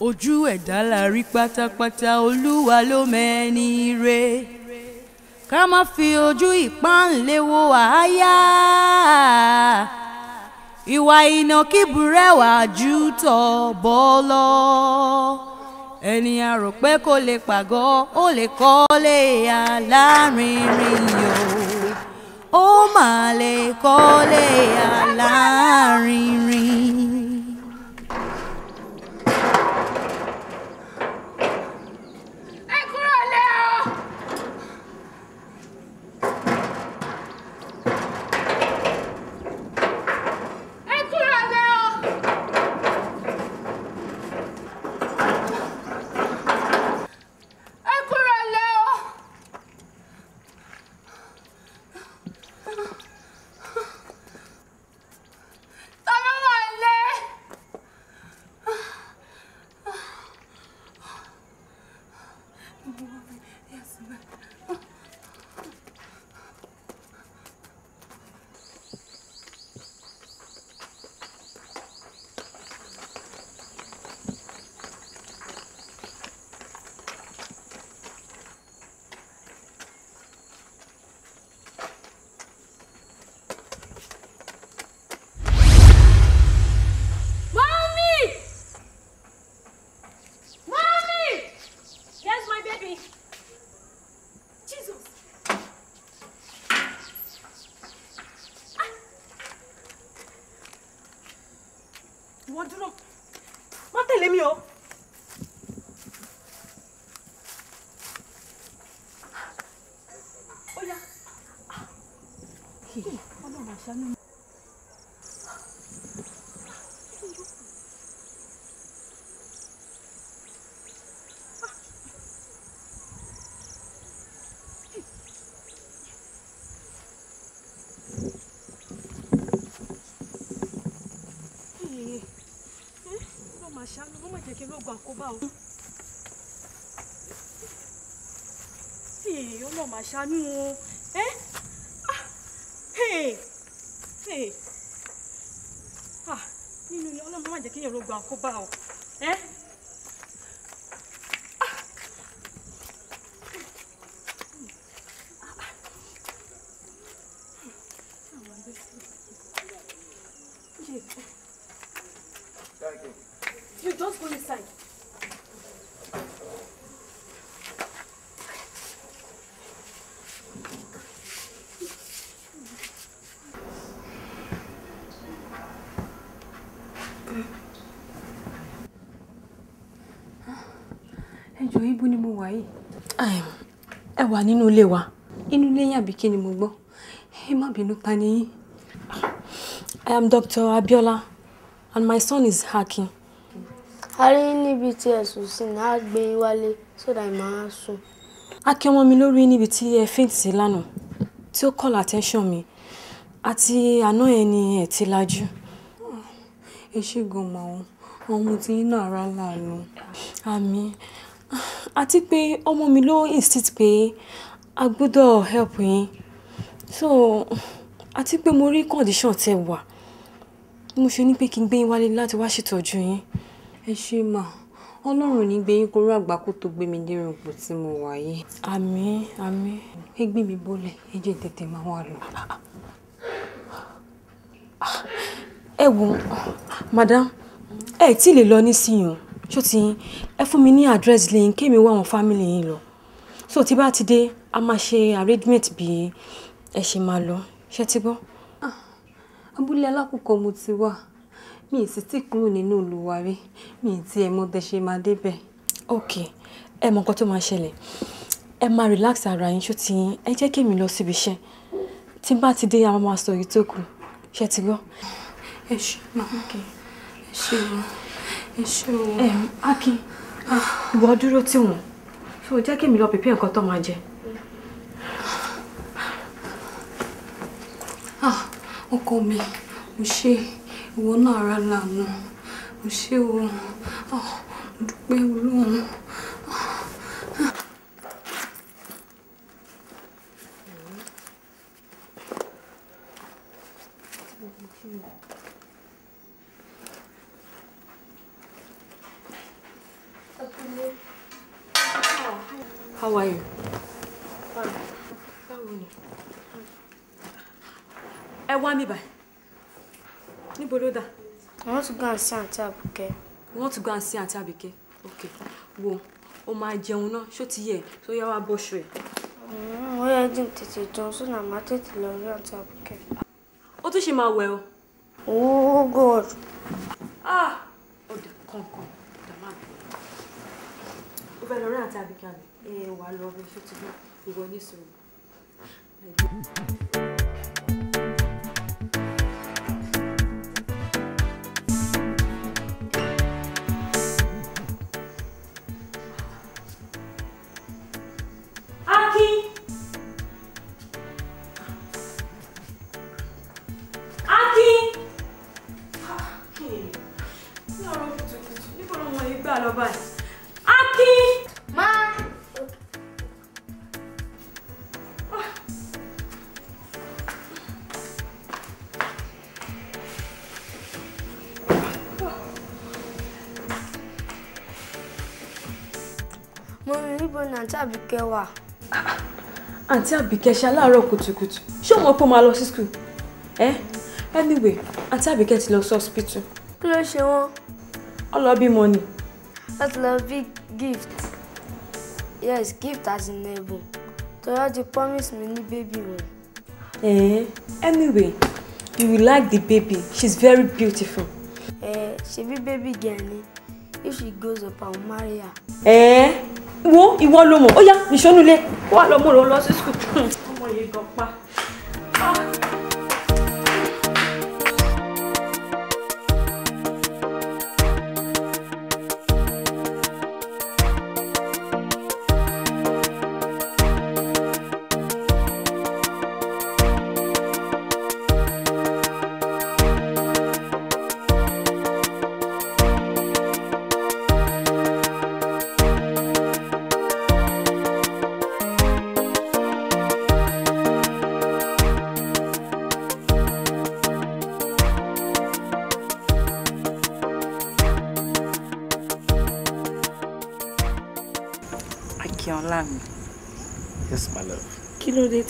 ojú ẹ̀dá la rí pátápátá olúwa ló mẹ́ni rè ká má fi ojú ìpáǹlé wo àáyá ìwà ìnàkí burẹ́wà jù tọ̀ bọ́ lọ ẹni a rò pé kò lè pàgọ́ ó lè kọ́lé alárinrin o ó mà lè kọ́lé alárinrin. canım. Maşallah, bu maçtaki lóògùn àkóbá o. Ee, ọlọ́màṣánú o. aqui, alugar um cubal. ibo ni mo wà yìí. ẹ wà nínú ilé wa. inú ilé yín àbí kí ni mo gbọ́ ẹ má bínú ta ni yín. I am Dr. Abiola and my son is Hakim. a rí níbi tí ẹ̀sùn sí ni a gbé wálé sódà ìmọ̀ á sùn. a kí ọmọ mi lórí níbi tí ẹ fèǹtì lánàá tí ó call attention mi àti àná ẹ ni ẹ ti lajú. ẹ ṣe gan-an màá wọn mo ti ń náà àmì àti pé ọmọ mi ló insist pé a gbọ́dọ̀ help yín so àti pé mo rí condition tẹ́ wà mo ṣe ní pé kí n gbé yín wálé láti wá ṣètọ́jú yín ẹ ṣé mà ọlọ́run ní gbé yín kó rú àgbákò tó gbé mi dérò ipò tí mo wà yìí. àmín àmín ẹ gbé mi bọ́lẹ̀ ẹ jẹ́ tètè máa wà lọ. ẹ wo madam ẹ tí ì lè lọ nísìnyìí o ṣó ti yín ẹ fún mi ní àdírẹ́sì lẹ́yìn kémi wá àwọn fámìlì yín lọ so tí bá ti dé a máa ṣe arrangement bí ẹ ṣe máa lọ ṣé ti gbọ́. Ah, abúlé alákòókò mo ti wà mi ì sì tí kúrò nínú olùwárí mi ì tiẹ̀ mọ bẹ ṣe máa débẹ̀. ok ẹ mọ nǹkan tó máa ṣẹlẹ̀ ẹ máa relax ara yín ṣó ti yín ẹ jẹ́ kémi lọ síbi iṣẹ́ tí bá ti dé a máa sọ èyí tó kù ṣé ti gbọ́. ẹ ṣe máa ń kẹ ẹ ṣe wọn ẹ ṣe o. Akin ìwọ dúró tí wọn fún o jẹ́ kí èmi lọ pèpè nǹkan tó máa jẹ. Ah, ọkọ mi mo ṣe ìwọ náà ara lànà mo ṣe o ah, dúpẹ́ Ọlọ́run. Thank you. How are you? Fine. Báwo ni? Ẹ wá mi báyìí. Níbo ló dà? I want to go and see Aunty Abike. You want to go and see Aunty Abike? Okay. Wo, o máa jẹun náà, ṣó ti yẹ, So you are bọ́ṣọ ẹ̀. Mm, ó yẹ kí n tètè and sónà máa tètè lọ rí Aunty Abike. Ó tún ṣe máa wẹ̀ o. Oh God. àti àbíkẹ́ àná ẹ wà lọ bí fifty àǹtí àbíkẹ́ wà. àǹtí àbíkẹ́ ṣe aláàárọ̀ kùtùkùtù ṣé o mọ̀ pé o máa lọ sí skul ẹ anyway àǹtí àbíkẹ́ ti lọ sí hospital. kí ló ṣe wọn. ọlọ́bí mọ́ni. wọ́n ti lọ bí gift yes gift as in ẹ̀bùn toyọ́ ti promise mi ní baby wọn. Eh, anyway, you will like the baby. She's very beautiful. Eh, she be baby girl. If she goes up, I'll marry her. Eh? wo ìwọ ló mọ̀ ó yá ìṣónú ilé wà lọ́mọ́ lọ sí skul. ọmọ yìí gan pa.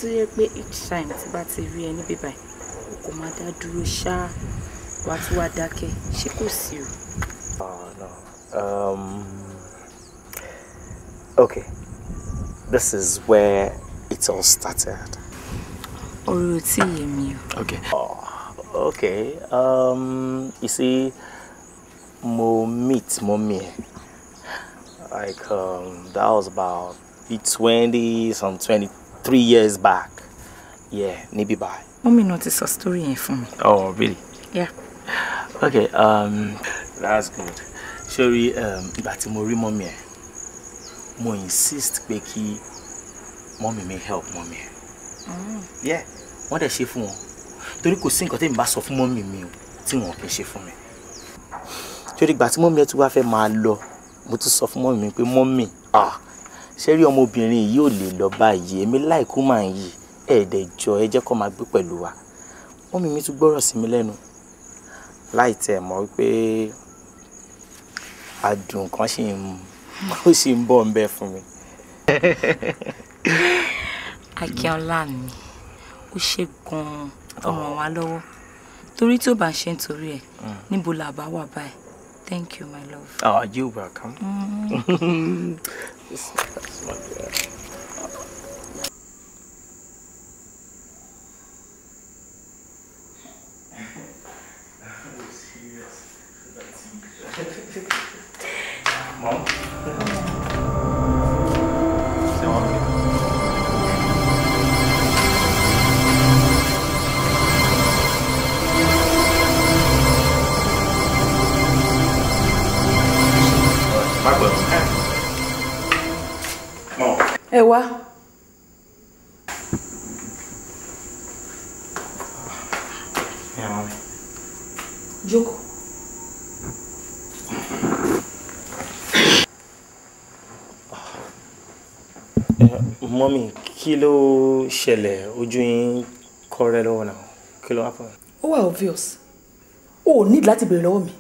tó each time tí bá to rí ẹ e ah, um, Okay, this is where it all started. Okay. Oh, okay. Um, you see, mo meet mommy like um, that was about twenty some twenty three years back yeah níbí báyìí. mọ́mí náà ti story in fún mi. oh really. yeah. okay um, that's good sori um, ìgbà tí mo Mommy mo insist Becky, Mommy may help Mommy. ẹ̀ oh. yeah What dẹ̀ ṣe fún wọn torí kò sí nǹkan tẹ́mi Mommy me. fún mọ́mí mi o me. wọn kì í ṣe fún mi sori ìgbà tí mọ́mí ẹ̀ tún wá fẹ́ máa lọ ah ṣẹ́rí ọmọbìnrin yìí ò lè lọ báyìí èmi láìkú màá yìí ẹ̀ẹ́dẹ̀jọ ẹ jẹ́ kó máa gbé pẹ̀lú wa wọ́n mímí tún gbọ́rọ̀ sí mi lẹ́nu láì tẹ̀ mọ́ wípé adùn kan ṣì ń (laughs) ó ṣì ń bọ̀ ń bẹ fún mi. akínọlá mi ó ṣe gan-an ó ràn lọ́wọ́ torí tó bá ṣe ń torí ẹ̀ mm. níbo là wà báyìí thank you my love. ah oh, you welcome. Mm. (laughs) This is one mọ́mì kí ló ṣẹlẹ̀ ojú yín kọ́rẹ́ lọ́wọ́ náà kí ló happen. ó wà obvious o ò need láti béèrè lọ́wọ́ mi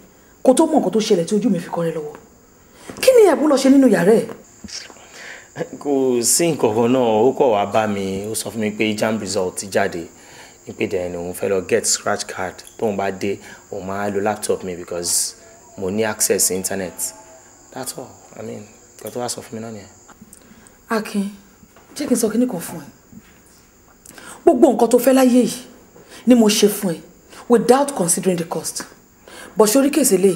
kó tó mọ nǹkan tó ṣẹlẹ̀ tí ojú mi fi kọ́rẹ́ lọ́wọ́ kí ni ẹ̀bùn lọ ṣe nínú yàrá ẹ̀. kò sí nǹkan kan náà ó kọ̀ wá bá mi ó sọ fún mi pé JAMB result ti jáde nípe dẹ̀ ni òun fẹ́ lọ get scratch card tóun bá dé òun máa lo laptop mi because mo ní access internet that's all i mean nǹkan tó wá sọ fún mi náà nìyẹn. Akin. Okay jẹ́ kí n sọ kíní kan fún ẹ gbogbo nǹkan tó fẹ́ láyé yìí ni mo ṣe fún ẹ without considering the cost but sori kèsì lè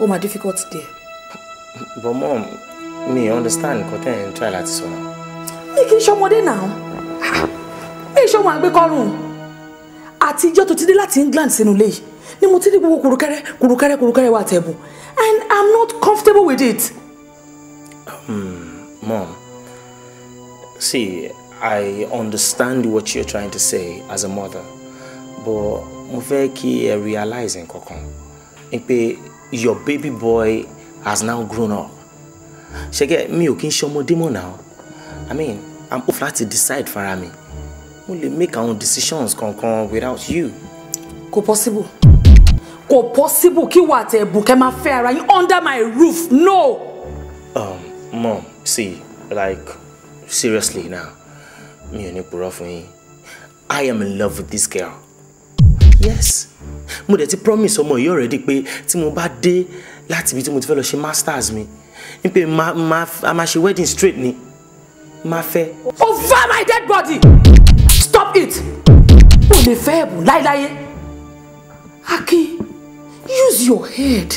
ó máa difficult there. but mom mi understand nǹkan tẹ́ ẹ̀ ń try láti sọ. mi kì í ṣọmọdé náà mi ì ṣọmọ àgbékọrùn àtijọ́ tó ti dé láti England sínú ilé yìí ni mo ti ní gbogbo kùrùkẹ́rẹ́ kùrùkẹ́rẹ́ kùrùkẹ́rẹ́ wa tẹ̀bù and I'm not comfortable with it. Um, mom. See, I understand what you're trying to say as a mother, but mo fẹ́ kí ẹ realize nǹkankan pé your baby boy has now grown up. Ṣẹ́gẹ́ mi ò kí ń ṣọmọdé mọ̀ náà. I mean, I'm off láti decide fara mi. Mo lè make àwọn decisions kankan without you. Kò possible. Kò possible kí wà tẹ̀ ẹ̀bùn kẹ́ máa fẹ́ ara yín under my roof. No! Um, mom, see, like seriously now mi ò ní purọ́ fún yín i am in love with this girl yes mo dẹ̀ ti promise ọmọ yìí already pé tí mo bá dé láti ibi tí mo ti fẹ́ lọ ṣe masters mi n pe ma ma a ma ṣe wedding straight ni ma fẹ́. over my dead body stop it o lè fẹ́ ẹ̀bùn láéláyé Akin use your head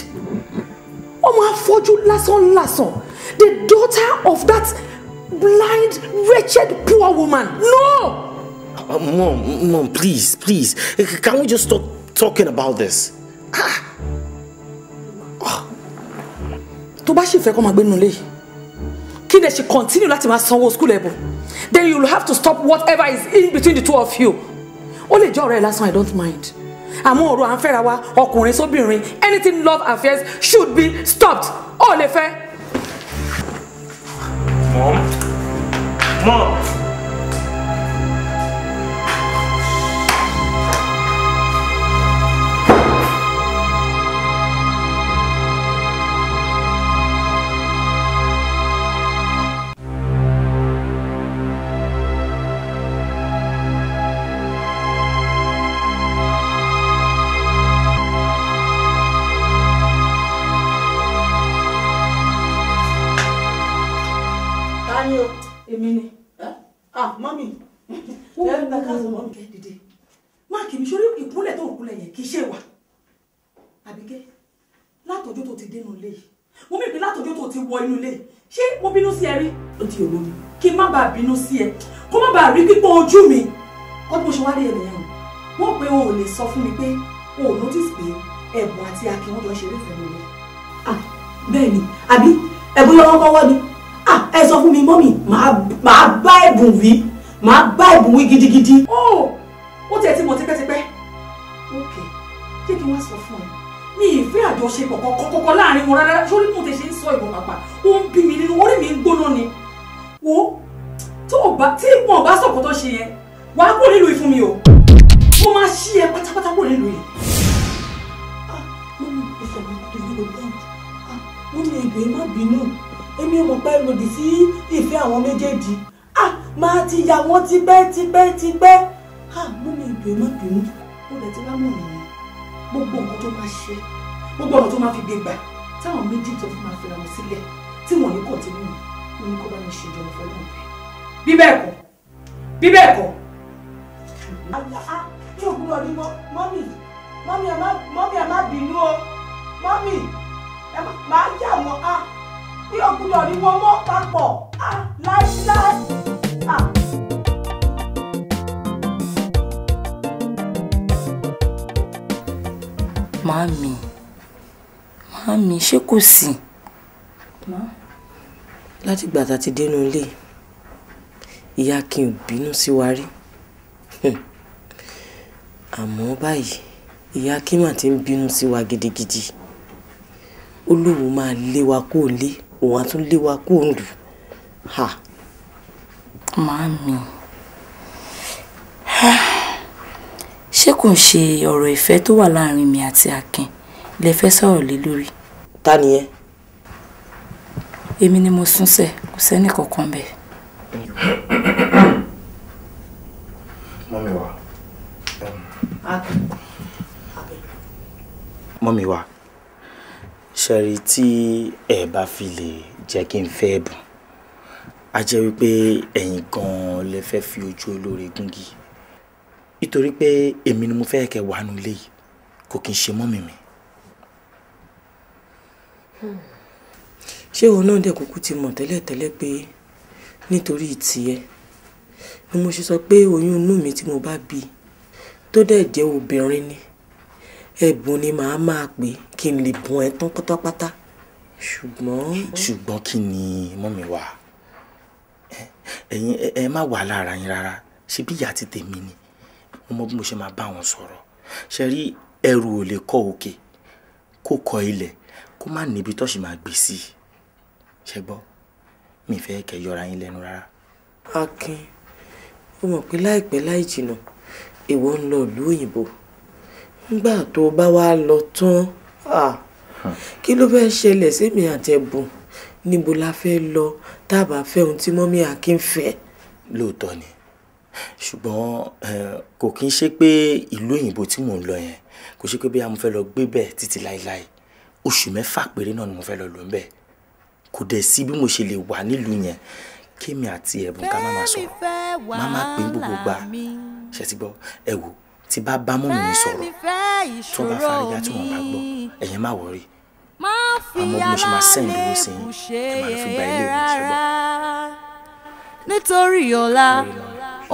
ọmọ afọ́jú lásán lásán the daughter of that blind, wretched, poor woman. No! Uh, mom, mom, please, please. Uh, can we just stop talking about this? Ah! Tó bá ṣe fẹ́ kó máa gbé she continue láti máa sanwó school ẹ̀bùn? Then you will have to stop whatever is in between the two of you. Only lè jẹ́ ọ̀rẹ́ lásán, I don't mind. Àmọ́ ọ̀rọ̀ à ń fẹ́ra wa, so sóbìnrin, anything love affairs should be stopped. Ó lè fẹ́. Mom, bínú sí ẹ kó má bàa rí pípọ́n ojú mi kọ́tí mo ṣe wá rí ẹ nìyẹn o wọ́n pé o ò lè sọ fún mi pé o ò notice pé ẹ̀bùn àti akin wọ́n jọ ṣeré ìfẹ́ mi rẹ̀. bẹ́ẹ̀ ni àbí ẹ̀bùn lọ́wọ́ kọ́wọ́ ni ẹ sọ fún mi mọ́mì màá bá ẹ̀bùn wí màá bá ẹ̀bùn wí gidigidi. ó ó tiẹ̀ ti mọ̀ tipẹ́tipẹ́ ok jẹ́ kí wọ́n sọ fún ẹ mi ìfẹ́ àjọṣepọ̀ kọ̀kọ̀kọ̀ láàrin wọn rárá sórí mo ti ṣe ń sọ ìwọ̀n pàpà ó ń bí mi nínú orí mi ń gbóná ni wo tí wọn bá sọ̀kò tó ṣe yẹn wà á kúrò nílùú ìfún mi o mo máa ṣí ẹ pátápátá kúrò nílùú yìí. mo ní ìgbé má bínú èmi ò mọ̀ pé lòdì sí ìfẹ́ àwọn méjèèjì ah, máa ti yà wọ́n tipẹ́ tipẹ́ tipẹ́ mo ní ìgbé má bínú mo lè ti lámọ̀ nìyẹn gbogbo nǹkan tó máa ṣe gbogbo ọ̀nà tó máa fi gbé gbà táwọn méjì tó fi máa fi ra wọn sílẹ̀ tí wọ́n ní kọ̀ọ̀tì nínú mo ní kó bá mi ṣèjọba fọlọ́ọ̀bẹ bí bẹ́ẹ̀ kọ́ bí bẹ́ẹ̀ kọ́. Ah, tí o gbúdọ̀ ní mọ́mì mọ́mì ẹ má bínú o mọ́mì ẹ má yà wọ́n á ah, tí o gbúdọ̀ ní wọ́n mọ́ papọ̀ á ah, láíláí. Màámi, màámi, ṣé kò sí? Látìgbà tá a ti dénú ilé yìí ìyá kí n bínú sí wa rí àmọ́ báyìí ìyá kí mà ti ń bínú sí wa gidigidi ó lóun máa lé wa kó lé òun á tún lé wa kó lù ha. màámi ah. ṣé kò ń ṣe ọ̀rọ̀ ìfẹ́ tó wà láàrin mi àti Akin lè fẹ́ sọ̀rọ̀ lé lórí. ta ni ẹ. èmi ni mo súnṣẹ́ kò sẹ́nì kankan bẹ́ẹ̀ mọ́mí wa. mọ́mí um, wa ṣẹ̀rí tí ẹ bá fi lè jẹ́ kí n fẹ́ ẹ̀bùn a jẹ́ wípé ẹ̀yin gan-an lè fẹ́ fi ojú olóore gúngi nítorí pé èmi ni mo fẹ́ kẹ́ wà nílé yìí kò kí n ṣe mọ́mí mi. Hmm. ṣé òun náà dẹ̀ kúkú ti mọ̀ tẹ́lẹ̀tẹ́lẹ̀ pé nítorí tìẹ ni mo ṣe sọ pé oyún inú mi tí mo bá bí tó dẹ̀ jẹ́ obìnrin ni ẹ̀bùn ni màá máa pè kí n lè bùn ẹ́ tán pátápátá ṣùgbọ́n. ṣùgbọ́n kí ni mọ́mi wà ẹ̀yin ẹ má wà lára yín rárá ṣe bí ìyá ti tèmi ni mo mọ bí mo ṣe máa bá wọn sọ̀rọ̀ ṣe rí ẹrù ò lè kọ òkè kó kọ ilẹ̀ kó má níbi tó ṣì máa gbé sí i ṣe gbọ́ mi fẹ́ kẹ́ yọra yín lẹ́nu rárá. Akin ó mọ̀ pé láìpẹ́ láì jìnnà ìwọ ń lọ ìlú òyìnbó nígbà tó bá wá lọ tán kí ló fẹ́ ṣẹlẹ̀ sẹ́mi àtẹ̀bùn níbo la fẹ́ lọ tá a bá fẹ́ ohun tí mọ́mí Akin fẹ́. lóòótọ́ ni ṣùgbọ́n kò kí n ṣe pé ìlú òyìnbó tí mò ń lọ yẹn kò ṣe pé bí a mo fẹ́ lọ gbé bẹ́ẹ̀ títí láéláé oṣù mẹ́fà péré náà ni mo fẹ́ lọ lò ń bẹ́ẹ̀ kò dẹ̀ sí bí mo ṣe lè wà nílùú yẹn kémi àti ẹ̀bùn ká má máa sọ̀rọ̀ má má pín gbogbo gbà ṣe ti gbọ́ ẹ wò tí bá bá mọ́mí mi sọ̀rọ̀ tó bá fárígá tí wọ́n bá gbọ́ ẹ̀yẹn má wọrí àmọ́ bí mo ṣe máa sẹ́yìn lówó sí yín ẹ máa fi gba ilé mi ṣe gbọ́. nítorí ọ̀la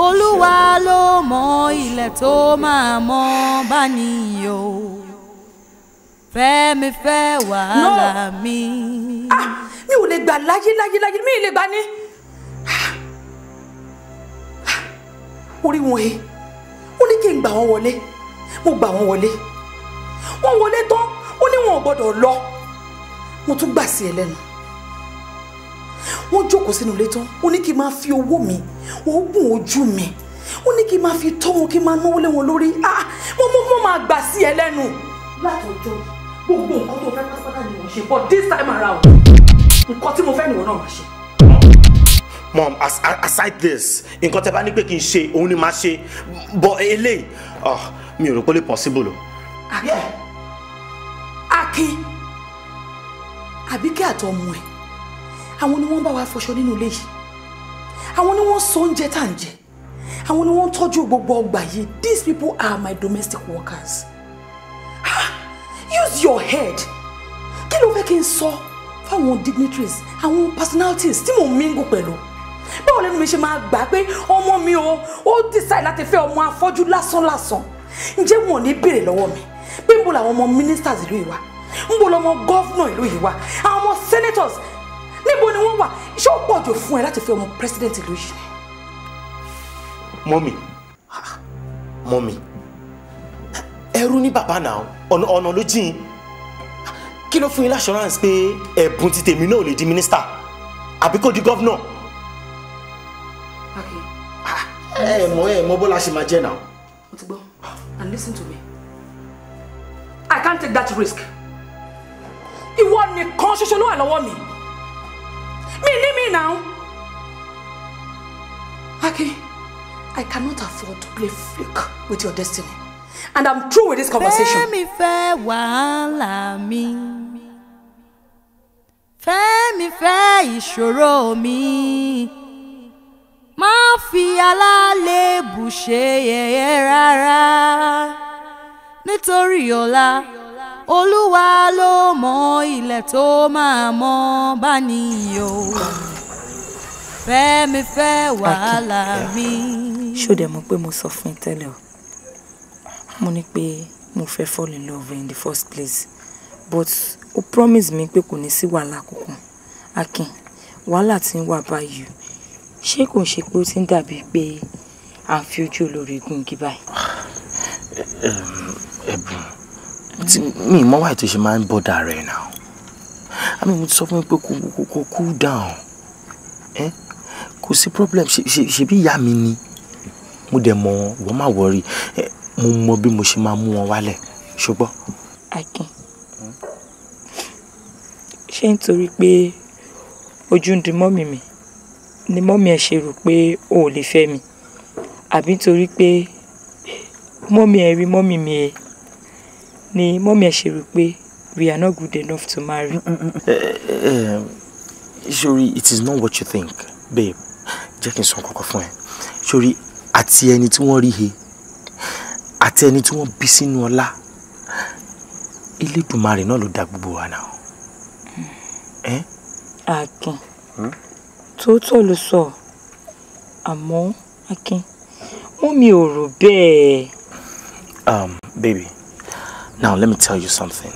olúwa ló mọ ilẹ̀ tó máa mọ bá nìyó fẹ́mi fẹ́ wàhálà mi. No. Ah mi ò lè gbà láyé láyé láyé mi ò lè gbà ní. orí wọn he ó ní kí n gbà wọn wọlé mo gbà wọn wọlé wọn wọlé tán ó ní wọn ò gbọdọ̀ lọ mo tún gbà sí ẹ lẹ́nu wọ́n jókòó sínú ilé tán ó ní kí n máa fi owó mi oògùn ojú mi ó ní kí n máa fi tọ́ wọn kí n máa náwó lé wọn lórí ah, mo mú mọ́ máa gbà sí ẹ lẹ́nu. látọjọ́ gbogbo nǹkan tó fẹ́ pátápátá ni mo ṣe bọ́ this time around nǹkan tí mo fẹ́ nìwọ náà máa ṣe. mom aside this nǹkan tẹ bá ní pé kí n ṣe òun ni màá ṣe but eléyìí ah, mi ò rò pé lè possible o. àbí ẹ akin àbí kí àtọmọ ẹ àwọn ni wọ́n bá wa fọṣọ nínú ilé yìí àwọn ni wọ́n sọ oúnjẹ tá à ń jẹ àwọn ni wọ́n tọ́jú gbogbo ọgbà yìí these people are my domestic workers ha use your head kí ló fẹ́ kí n sọ. So? fáwọn dignitaries àwọn personalities tí mò ń mingu pẹ̀lú báwo lẹ́nu mi ṣe máa gbà pé ọmọ mi o ó decide láti fẹ́ ọmọ afọ́jú lásán lásán ǹjẹ́ wọn ò ní béèrè lọ́wọ́ mi pé ń bo làwọn ọmọ ministers ìlú yìí wà ń bo lọ́mọ governor ìlú yìí wà àwọn ọmọ senators níbo ni wọ́n wà ṣé ó pọ̀ jù fún ẹ láti fẹ́ ọmọ president ìlú yìí. mọ́mì ah. mọ́mì ẹrú ní bàbá náà ọ̀nà ló jìn kí ló fún yín l'assurance pé ẹ̀bùn ti tèmi náà ò lè di mínísítà àbí kò di gọ́vnà. Ah, ẹ mọ ẹ mọ bọ́lá ṣe máa jẹ́ náà. mo ti gbọ́ and listen to me I can't take that risk ìwọ nìkan ṣoṣo ló wà lọ́wọ́ mi mi ní mi náà. Aki, I cannot afford to play flick with your destiny and I'm through with this conversation. Fẹ́mi fẹ́ wàhálà mi. Fẹ́mi fẹ́ ìṣòro mi. Má fi alálébù ṣe yẹ̀yẹ́ rárá. Nítorí ọ̀la, Olúwa ló mọ ilẹ̀ tó máa mọ bá nìyó. Fẹ́mi fẹ́ wàhálà mi. Ṣó dẹ̀ mọ̀ pé mo sọ fún ẹ tẹ́lẹ̀ o mo ní pé mo fẹ́ fall in love in the first place but ó promise mi pé kò ní sí wàhálà kankan Akin wàhálà tí ń wà báyìí ṣé kò ń ṣe pé ó ti ń dàbíi pé à ń fi ojú olóore gun igi báyìí. ẹ̀bùn tí mi mọ́ wáyé tó ṣe máa ń bọ́dà rẹ̀ náà àmì mo ti sọ fún mi pé kò cool down Eh? kò sí problem ṣebí ìyá mi ni mo dẹ̀ mọ̀ wọ́n má wọrí mo mọ bí mo ṣe máa mú wọn wálẹ̀ ṣùgbọ́n. Akin ṣé nítorí pé ojú ń di mọ́mì mi ni mọ́mì ẹ̀ ṣe rò pé o ò lè fẹ́ mi àbí nítorí pé mọ́mì ẹ̀ rí mọ́mì mi ẹ̀ ni mọ́mì ẹ̀ ṣe rò pé we are not good enough to marry. Mm, mm, mm. eh, eh, eh, sori it is not what you think babe jẹ́ kí n sọ kọ́kọ́ fún ẹ sori àti ẹni tí wọ́n rí he àti ẹni tí wọ́n bí sínú ọlá Elédùmarè náà ló dá gbogbo wa náà. Hmm. Akin hmm? tòótọ́ ló sọ àmọ́ Akin wọ́n mi ò rò bẹ́ẹ̀. Um, baby now let me tell you something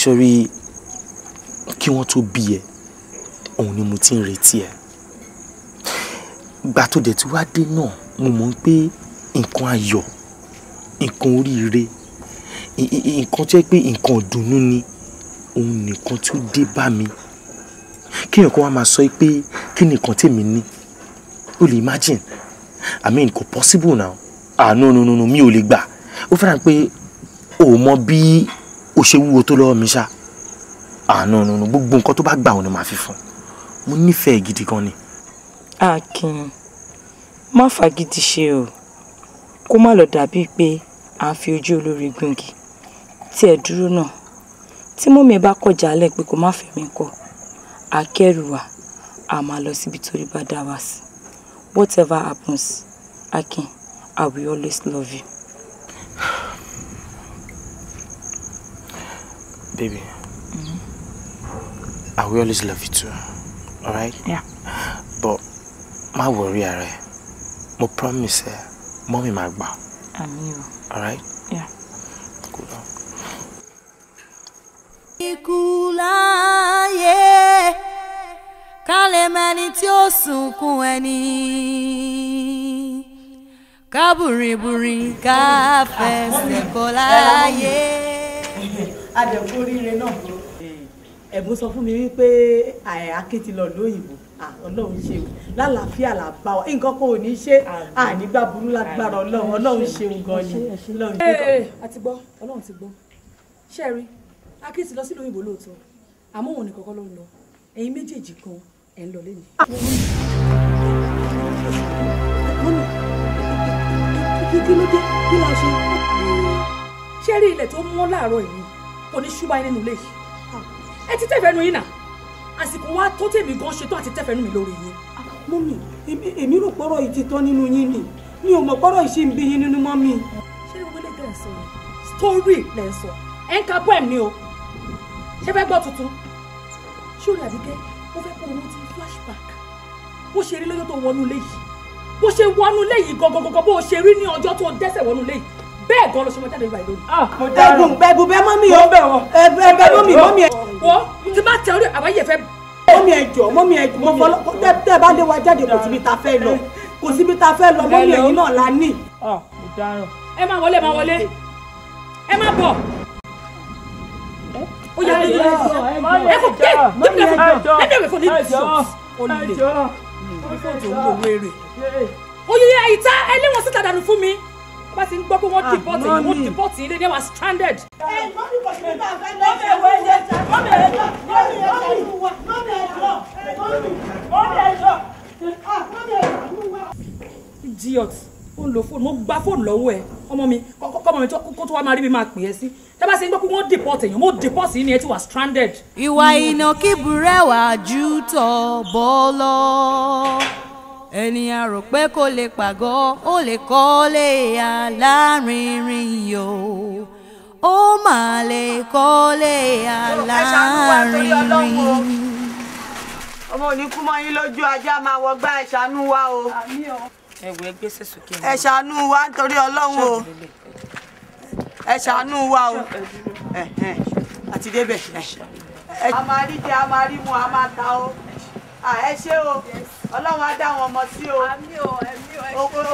sori kí wọ́n tó bí ẹ òun ni mo ti ń retí ẹ gbà tó dẹ̀ tí wàá dé náà mo mọ̀ pé nǹkan ayọ̀ nǹkan oríire nǹkan tó yẹ pé nǹkan ọ̀dùnnú ni òun nìkan tó dé bá mi kéèyàn kan wá máa sọ pé kí nìkan tèmi ní o lè imagine i mean kò possible now ah no no no no mi ò lè gbà ó fẹ́ràn pé o ò mọ bí o ṣe wúwo tó lọ́wọ́ mi ṣá ah no no no gbogbo nǹkan tó bá gbà òun ni màá fi fún mo nífẹ̀ẹ́ gidi gan ni. Akin má fagídí ṣe o kó má lọ dàbíi pé à ń fi ojú olórí gbòǹgì tí ẹ dúró náà tí mọ́mí ẹ bá kọjá alẹ́ pé kó má fẹ́ mi kọ́ akẹ́rù wa a máa lọ síbi tó bá dá wa sí whatever happens Akin I will always love you. Baby, mm-hmm. I will always love you too. All right? Yeah. But má worry ara ẹ. Mo promise ẹ, mọ́mí máa gbà. I know. All right? Yeah. Go down. Ikúláyé ká lè mẹni tí ó sunkún ẹni ká bùrìbùrì ká fẹsẹ̀ kọ láyé. náà. Ẹ̀bùn sọ fún mi wípé eh, Akin ti lọ lóyìnbó ọlọ́run ṣe o lálàáfíà là bá ọ nǹkan kò ní ṣe ànígbà burú lágbára ọlọ́run ọlọ́run ṣe o gan ni ọlọ́run o. àti gbọ́ ọlọ́run ti gbọ́ ṣe rí akéèsì lọ sílùú òyìnbó lóòótọ́ àmọ́ òun nìkan kọ́ ló ń lọ ẹ̀yin méjèèjì kan ẹ̀ ń lọ lẹ́nu. kí ló dé kí la ṣe. ṣé rí ilẹ̀ tó mọ́ láàárọ̀ yìí kò ní ṣúbà nínú ilé yìí ah. ẹ ti tẹ̀fẹ́ nu yín náà àsìkò wa tó tèmi gan ṣetán àti tẹ́fẹ̀ẹ́nú mi lórí yín. mọ́mì èmi rò pọ́rọ̀ yìí ti tán nínú yín ni mi ò mọ̀ pọ́rọ̀ yìí ṣì ń bí yín nínú mọ́mì. ṣé ìwé lè tẹ̀ sọ yẹn story lẹ̀ ń sọ ẹ̀ ń ka poem ni o ṣé fẹ́ gbọ́ tuntun ṣúrẹ́ àbíkẹ́ ó fẹ́ kó owó ti flashback bó ṣe rí lọ́jọ́ tó wọnú ilé yìí bó ṣe wọnú ilé yìí gangan gangan bó ṣe rí ní ọjọ́ tó dẹ́sẹ̀ wọnú ilé yìí bẹ́ẹ̀ gan lọ sọmọ jáde ìgbà ìdóni. ẹbùn ẹbùn bẹ mọ mi o ẹbùn bẹ mọ mi mọ mi ẹ. wo tí bá tẹ orí àbáyé fẹ. mọ mi ẹ jọ mọ mi ẹ jọ mo fọlọ tẹ bá lé wa jáde kò síbi ta fẹ́ lọ kò síbi ta fẹ́ lọ mọ mi ẹyin náà la ní. Ah, ẹ máa wọlé ẹ máa wọlé ẹ máa bọ̀ ó yà lóyún ẹ kò dé dé dé dé wẹ̀ fún ní sọ olùdè olùdè òun ló wéré. oyè ìta ẹ lé wọn síta dànù fún mi tó bá ti ń gbọ́ pé wọ́n ah, dìbọ́tì yìí wọ́n dìbọ́tì yìí lé ní ẹ̀wà stranded. Eh, idiot ó ń lo fóònù mo gba fóònù lọ́wọ́ ẹ̀ ọmọ mi kọ́mọ mi kó tó wá máa rí mi máa pè é sí tẹ́ bá ṣe ń gbọ́ pé wọ́n dìpọ́tì èèyàn mo dìpọ́tì yìí ni ẹ ti wà stranded. ìwà ìnàkí burẹ́wà jù tọ̀ bọ́ lọ. ẹni rò pé kò lè pàgọ́ ó lè kọ́lé alárinrin yòó ó mà lè kọ́lé alárinrin. ọmọ oníkú mọ yín lójú ajá máa wọgbá wa o. ẹ wa nítorí ọlọ́run o ẹ wa o àti débẹ̀. a máa o ẹ ṣé o. ọlọ́run á dá wọn mọ sí o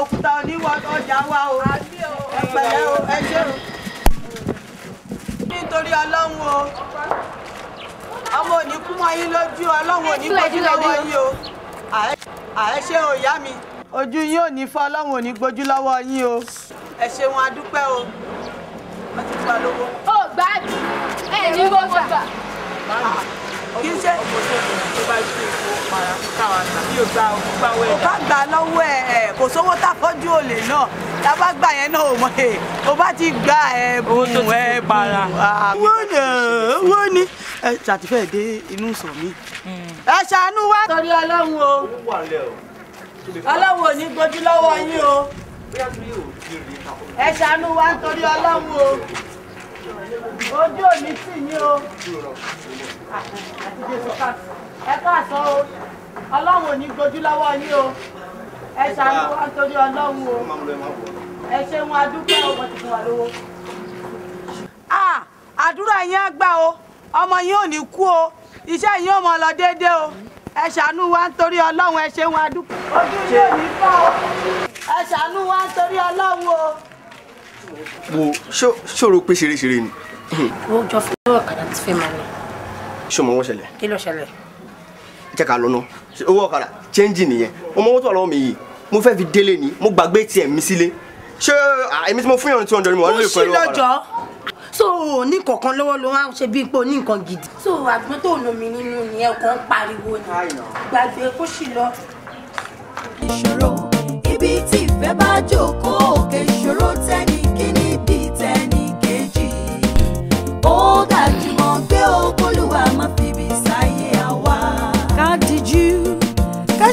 òkúta oníwọ ọjà wa o ẹ o ẹ ṣé o nítorí ọlọ́run o ọmọ òní kú mọ́ yín lójú ọlọ́run òní gbójú lọ́wọ́ yín o àẹ ṣé o ìyá mi ojú yín ò ní fọ́ ọlọ́run òní gbójú lọ́wọ́ yín o ẹ ṣé wọn o wọ́n ti fún wa ó gbádùn ẹ̀ ní gbogbo kì í ṣe kò bá gbà lọ́wọ́ ẹ̀ kò sówó táfọ́jú olè náà tábà gbà yẹn náà ò mọ̀ ẹ̀ kò bá ti gba ẹ̀ bùn ẹ̀ bàrà. wọ́n ní wọ́n ní eh, ẹ ṣàtìfẹ́ dé inú sọ mi. ẹ ṣàánú wá. torí ọlọ́run o ọlọ́run ò ní gbójú lọ́wọ́ yín o ẹ ṣàánú wá torí ọlọ́run o ojú òní tì ní o àti jésù káàsì ẹ káàsán o ọlọ́run ò ní gbójú lọ́wọ́ yín o ẹ ṣàánú wa nítorí ọlọ́run o ẹ ṣe wọn adúgbò ọmọ tuntun wà lówó. àdúrà yín á gbà o ọmọ yín ò ní kú o iṣẹ́ yín ò mọ̀ lọ déédéé o ẹ ṣàánú wa nítorí ọlọ́run ẹ ṣe wọn adúgbò ojú yín ní fọ́ o ẹ ṣàánú wa nítorí ọlọ́run o wo ṣòro pé ṣeréṣeré ni. wo jọ fún mi ọ̀kadà tí fẹ́ máa lọ. ṣé o mọ wọn ṣẹlẹ̀. kí ló ṣẹlẹ̀. jẹ́ ká lọ ná owó ọ̀kadà chẹ́ńjì nìyẹn ọmọ owó tó wà lọ́wọ́ mi yìí mo fẹ́ fi délé ni mo gbàgbé tiẹ̀ mi sílé ṣé èmi tí mo fún yàn two hundred ni mo wà nílé pẹ̀lú ọ̀kadà so ní kankan lọ́wọ́ ló wá ṣe bí pé o ní nǹkan gidi. so àgbọn tó nù mí nínú nìyẹn kan pariwo ni gbàgbé kó sì lọ. ìṣòro ibi tí ìfẹ́ bá jókòó òkè ìṣòro tẹ́ni.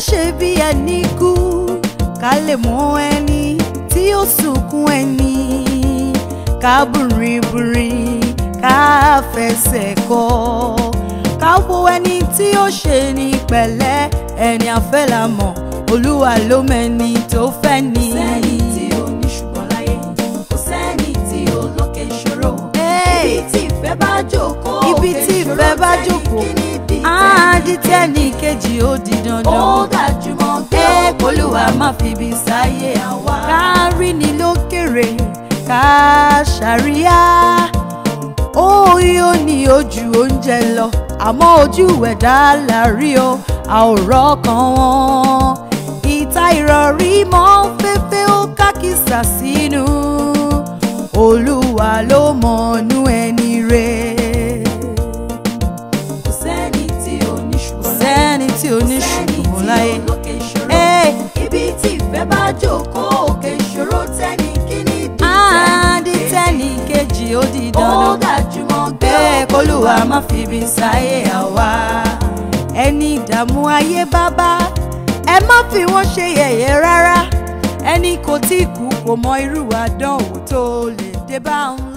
ṣe bí ẹni kú ká lè mọ ẹni tí ó sunkún ẹni ká bùrìbùrìn ká fẹsẹ̀ kọ́ ká wo ẹni tí ó ṣe ní pẹ̀lẹ́ ẹni àfẹ́làmọ̀ olúwa ló mẹ́ni tó fẹ́ ni. di tẹ́nì kejì ó di dandan. ó dájú mọ́ pé olúwa má fi ibi sáyé àwa. kárí ni lókèrè ká ṣàríyá ó yóò ní ojú oúnjẹ lọ àmọ́ ojú ẹ̀dá la rí o àwòrán kan wọn. ìta ìrọ̀rí mọ́ fẹ́fẹ́ ó kákísà sínú olúwa ló mọ̀ọ́nú ẹni rẹ̀. tí ò ní ṣòro láyé. ibi tí ìfẹ́ bá jókòó òkè ìṣòro tẹ́ni kíní ah, di tẹ́ni kejì. di tẹ́ni kejì ó di dandan. ó dàjúmọ́ bẹ́ẹ̀ kólúwa má fi ibi sáyé àwa. ẹni ìdààmú ayé bábá ẹ má fi wọ́n ṣe yẹ̀yẹ́ rárá ẹni kò tí kú kò mọ irú àdánwò tó lè dé bá òun.